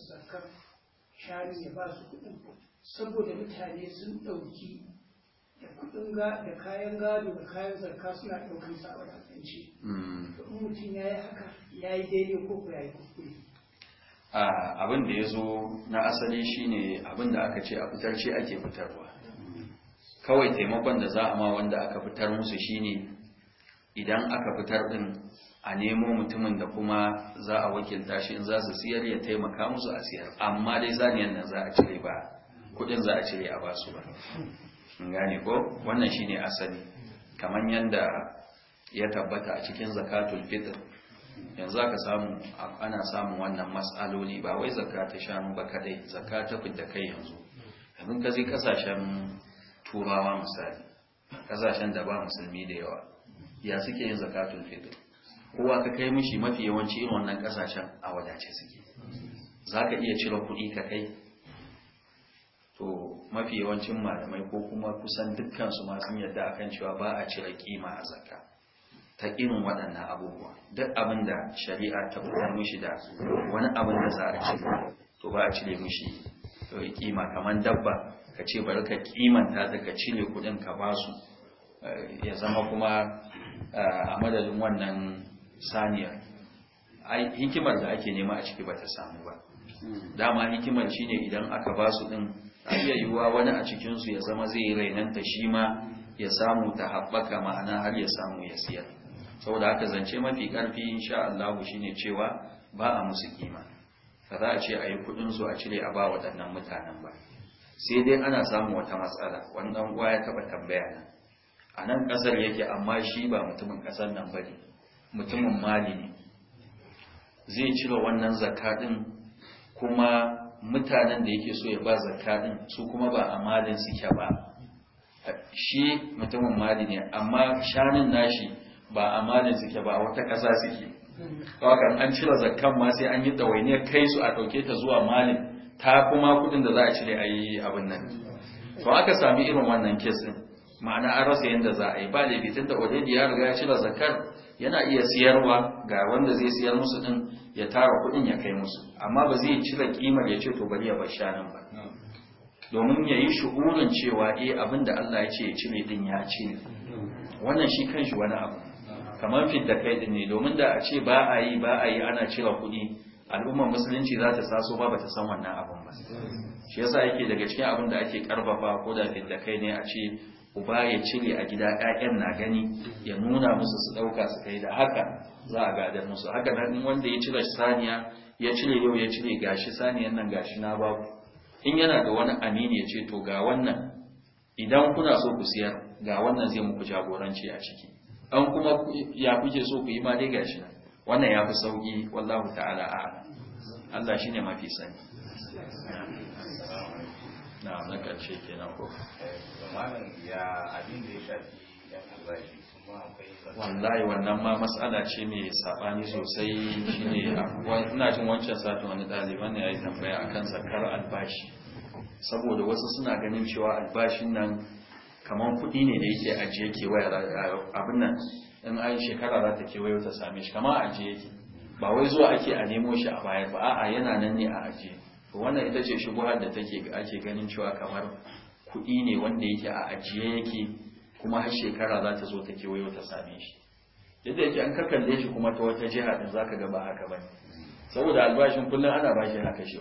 shanu ya ba su kuɗin saboda mutane sun ɗauki da kudin da kayan gado da kayan zarka suna ɗaukar sa a wadatanci hmm. to mutum ya yi haka ya yi daidai ko ku ya yi kuskure abin da ya zo na asali shine abin da aka ce a fitar ce ake fitarwa kawai taimakon da za a ma wanda aka fitar musu shine idan aka fitar din a nemo mutumin da kuma za a wakilta shi in za su siyar ya taimaka musu a siyar amma dai zaniyan nan za a cire ba kudin za a cire a basu ba gane ko wannan shine asali kamar yanda ya tabbata a cikin zakatul fitr yanzu aka samu ana samun wannan matsaloli ba wai zakata shanu ba kadai zakata da kai yanzu yanzu ka kasashen turawa misali kasashen da ba musulmi da yawa ya suke yin zakatul fitr kowa ka kai mishi mafi yawanci irin wannan kasashen a wadace suke za ka iya cire kuɗi ka kai to mafi yawancin malamai ko kuma kusan dukkan su masu yadda a kan cewa ba a cire kima a zakka ta irin waɗannan abubuwa duk abin da shari'a ta koyar mishi da wani abin da za a cire to ba a cire mishi kima kamar dabba ka ce bari ka kimanta ta ka cire kuɗin ka ba su eh, ya zama kuma eh, a madadin wannan saniyar hikimar da ake nema a ciki ba ta samu ba hmm. dama hikimar shine idan aka ba su ɗin iya yiwuwa wani a cikinsu ya zama zai rainanta shi ma ya samu ta haɓaka ma'ana har ya samu ya siyar saboda haka zance mafi ƙarfi insha Allah ne cewa ba a musu kima Ka za a ce a yi kuɗinsu a cire a ba waɗannan mutanen ba sai dai ana samun wata matsala wani ɗan uwa ya taɓa tambaya na. a nan ƙasar yake amma shi ba mutumin ƙasar nan ba ne mutumin mali ne zai cire wannan zakaɗin kuma mutanen da yake so ya ba zakka din su kuma ba a malin suke ba shi mutumin mali ne amma shanin nashi ba a malin suke ba a wata ƙasa suke Kawakan an cire zakkan ma sai an yi ɗawainiyar kai su a dauke ta zuwa malin ta kuma kuɗin da za a cire a yi abin nan to aka sami irin wannan kesin ma'ana an rasa yadda za a yi ba da bitin da wajen ya riga ya cire zakkan yana iya siyarwa ga wanda zai siyar musu din ya tara kuɗin ya kai musu amma ba zai cire kimar ya ce to bari ya bar shanan ba hmm. domin ya yi shugurin cewa eh abin Allah ya ce ya cire din ya ce hmm. wannan shi kanshi wani abu hmm. kamar da kai din ne domin da a ce ba a yi ba a yi ana cire kuɗi al'ummar musulunci za ta saso ba ba ta san wannan abin ba shi yasa yake daga cikin abin da ake karfafa ko da da kai ne a ce uba ya cire a gida ƴaƴan na gani ya nuna musu su ɗauka su kai da haka za a gadar musu haka nan wanda ya cire saniya ya cire yau ya cire gashi saniyan nan gashi na babu in yana da wani amini ya ce to ga wannan idan kuna so ku siyar ga wannan zai muku jagoranci a ciki an kuma ya kuke so ku yi ma dai gashi nan wannan ya fi sauƙi wallahu ta'ala a'lam Allah shine mafi sani na na ke ko zamanin eh, ya abin da ya shafi ya albashi wallahi wannan ma matsala ce mai sabani sosai shine ina jin wancan satin wani ɗaliban ne ya yi tambaya akan zakar albashi saboda wasu suna ganin cewa albashin nan kamar kuɗi ne da yake ajiye waya abin nan in an shekara za ta waya ta same shi kamar ajiye yake ba wai zuwa ake a nemo shi a bayar ba a'a yana nan ne a ajiye wannan ita ce shubuhar da take ake ganin cewa kamar kuɗi ne wanda yake a ajiye yake kuma har shekara za ta zo ta kewayo ta same shi yadda yake an kakalle shi kuma ta wata jiha din zaka ga ba haka ba saboda albashin kullum ana bashi haka shi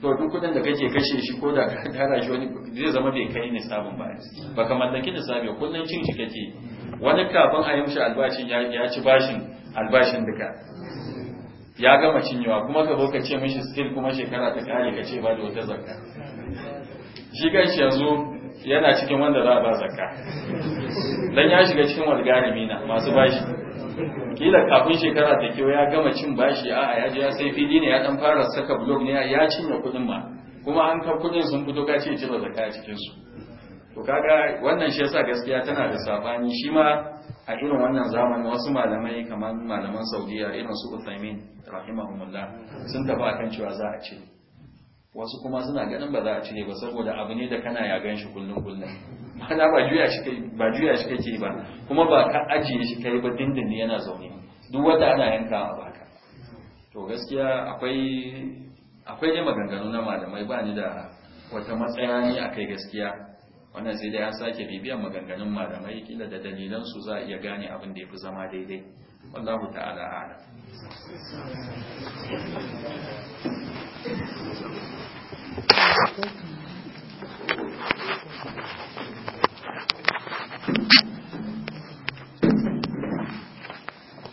to duk kudin da kake kashe shi ko da ka tara shi wani zai zama bai kai sabon ba ba da mallaki sabe kullum cin shi kake wani kafin a yi mishi albashin ya ci bashin albashin duka ya gama cinyewa kuma ka zo ka ce mishi still kuma shekara ta kare ka ce ba da wata zakka shi kanshi yanzu yana cikin wanda za a ba zakka dan ya shiga cikin walgarimi na masu bashi kila kafin shekara ta kyau ya gama cin bashi a'a ya je ya sai fili ne ya dan fara saka blog ne ya cinye kuɗin ma kuma an ka kuɗin sun fito ka ce cire zakka a cikin su to kaga wannan shi yasa gaskiya tana da sabani shi ma a irin wannan zamani wasu malamai kamar malaman saudiya irin su uthaymin rahimahumullah sun tafi kan cewa za a cire wasu kuma suna ganin ba za a cire ba saboda abu ne da kana ya gan shi kullum kullum mana ba juya shi kai ba juya shi kake ba kuma ba ka ajiye shi kai ba dindindin yana zaune duk wanda ana yanka a baka to gaskiya akwai ne maganganu na malamai ba ni da wata matsaya ne akai gaskiya wannan sai dai an sake bibiyan maganganun malamai kila da dalilan su za a iya gane abin da yafi zama daidai wallahu ta'ala a'lam Thank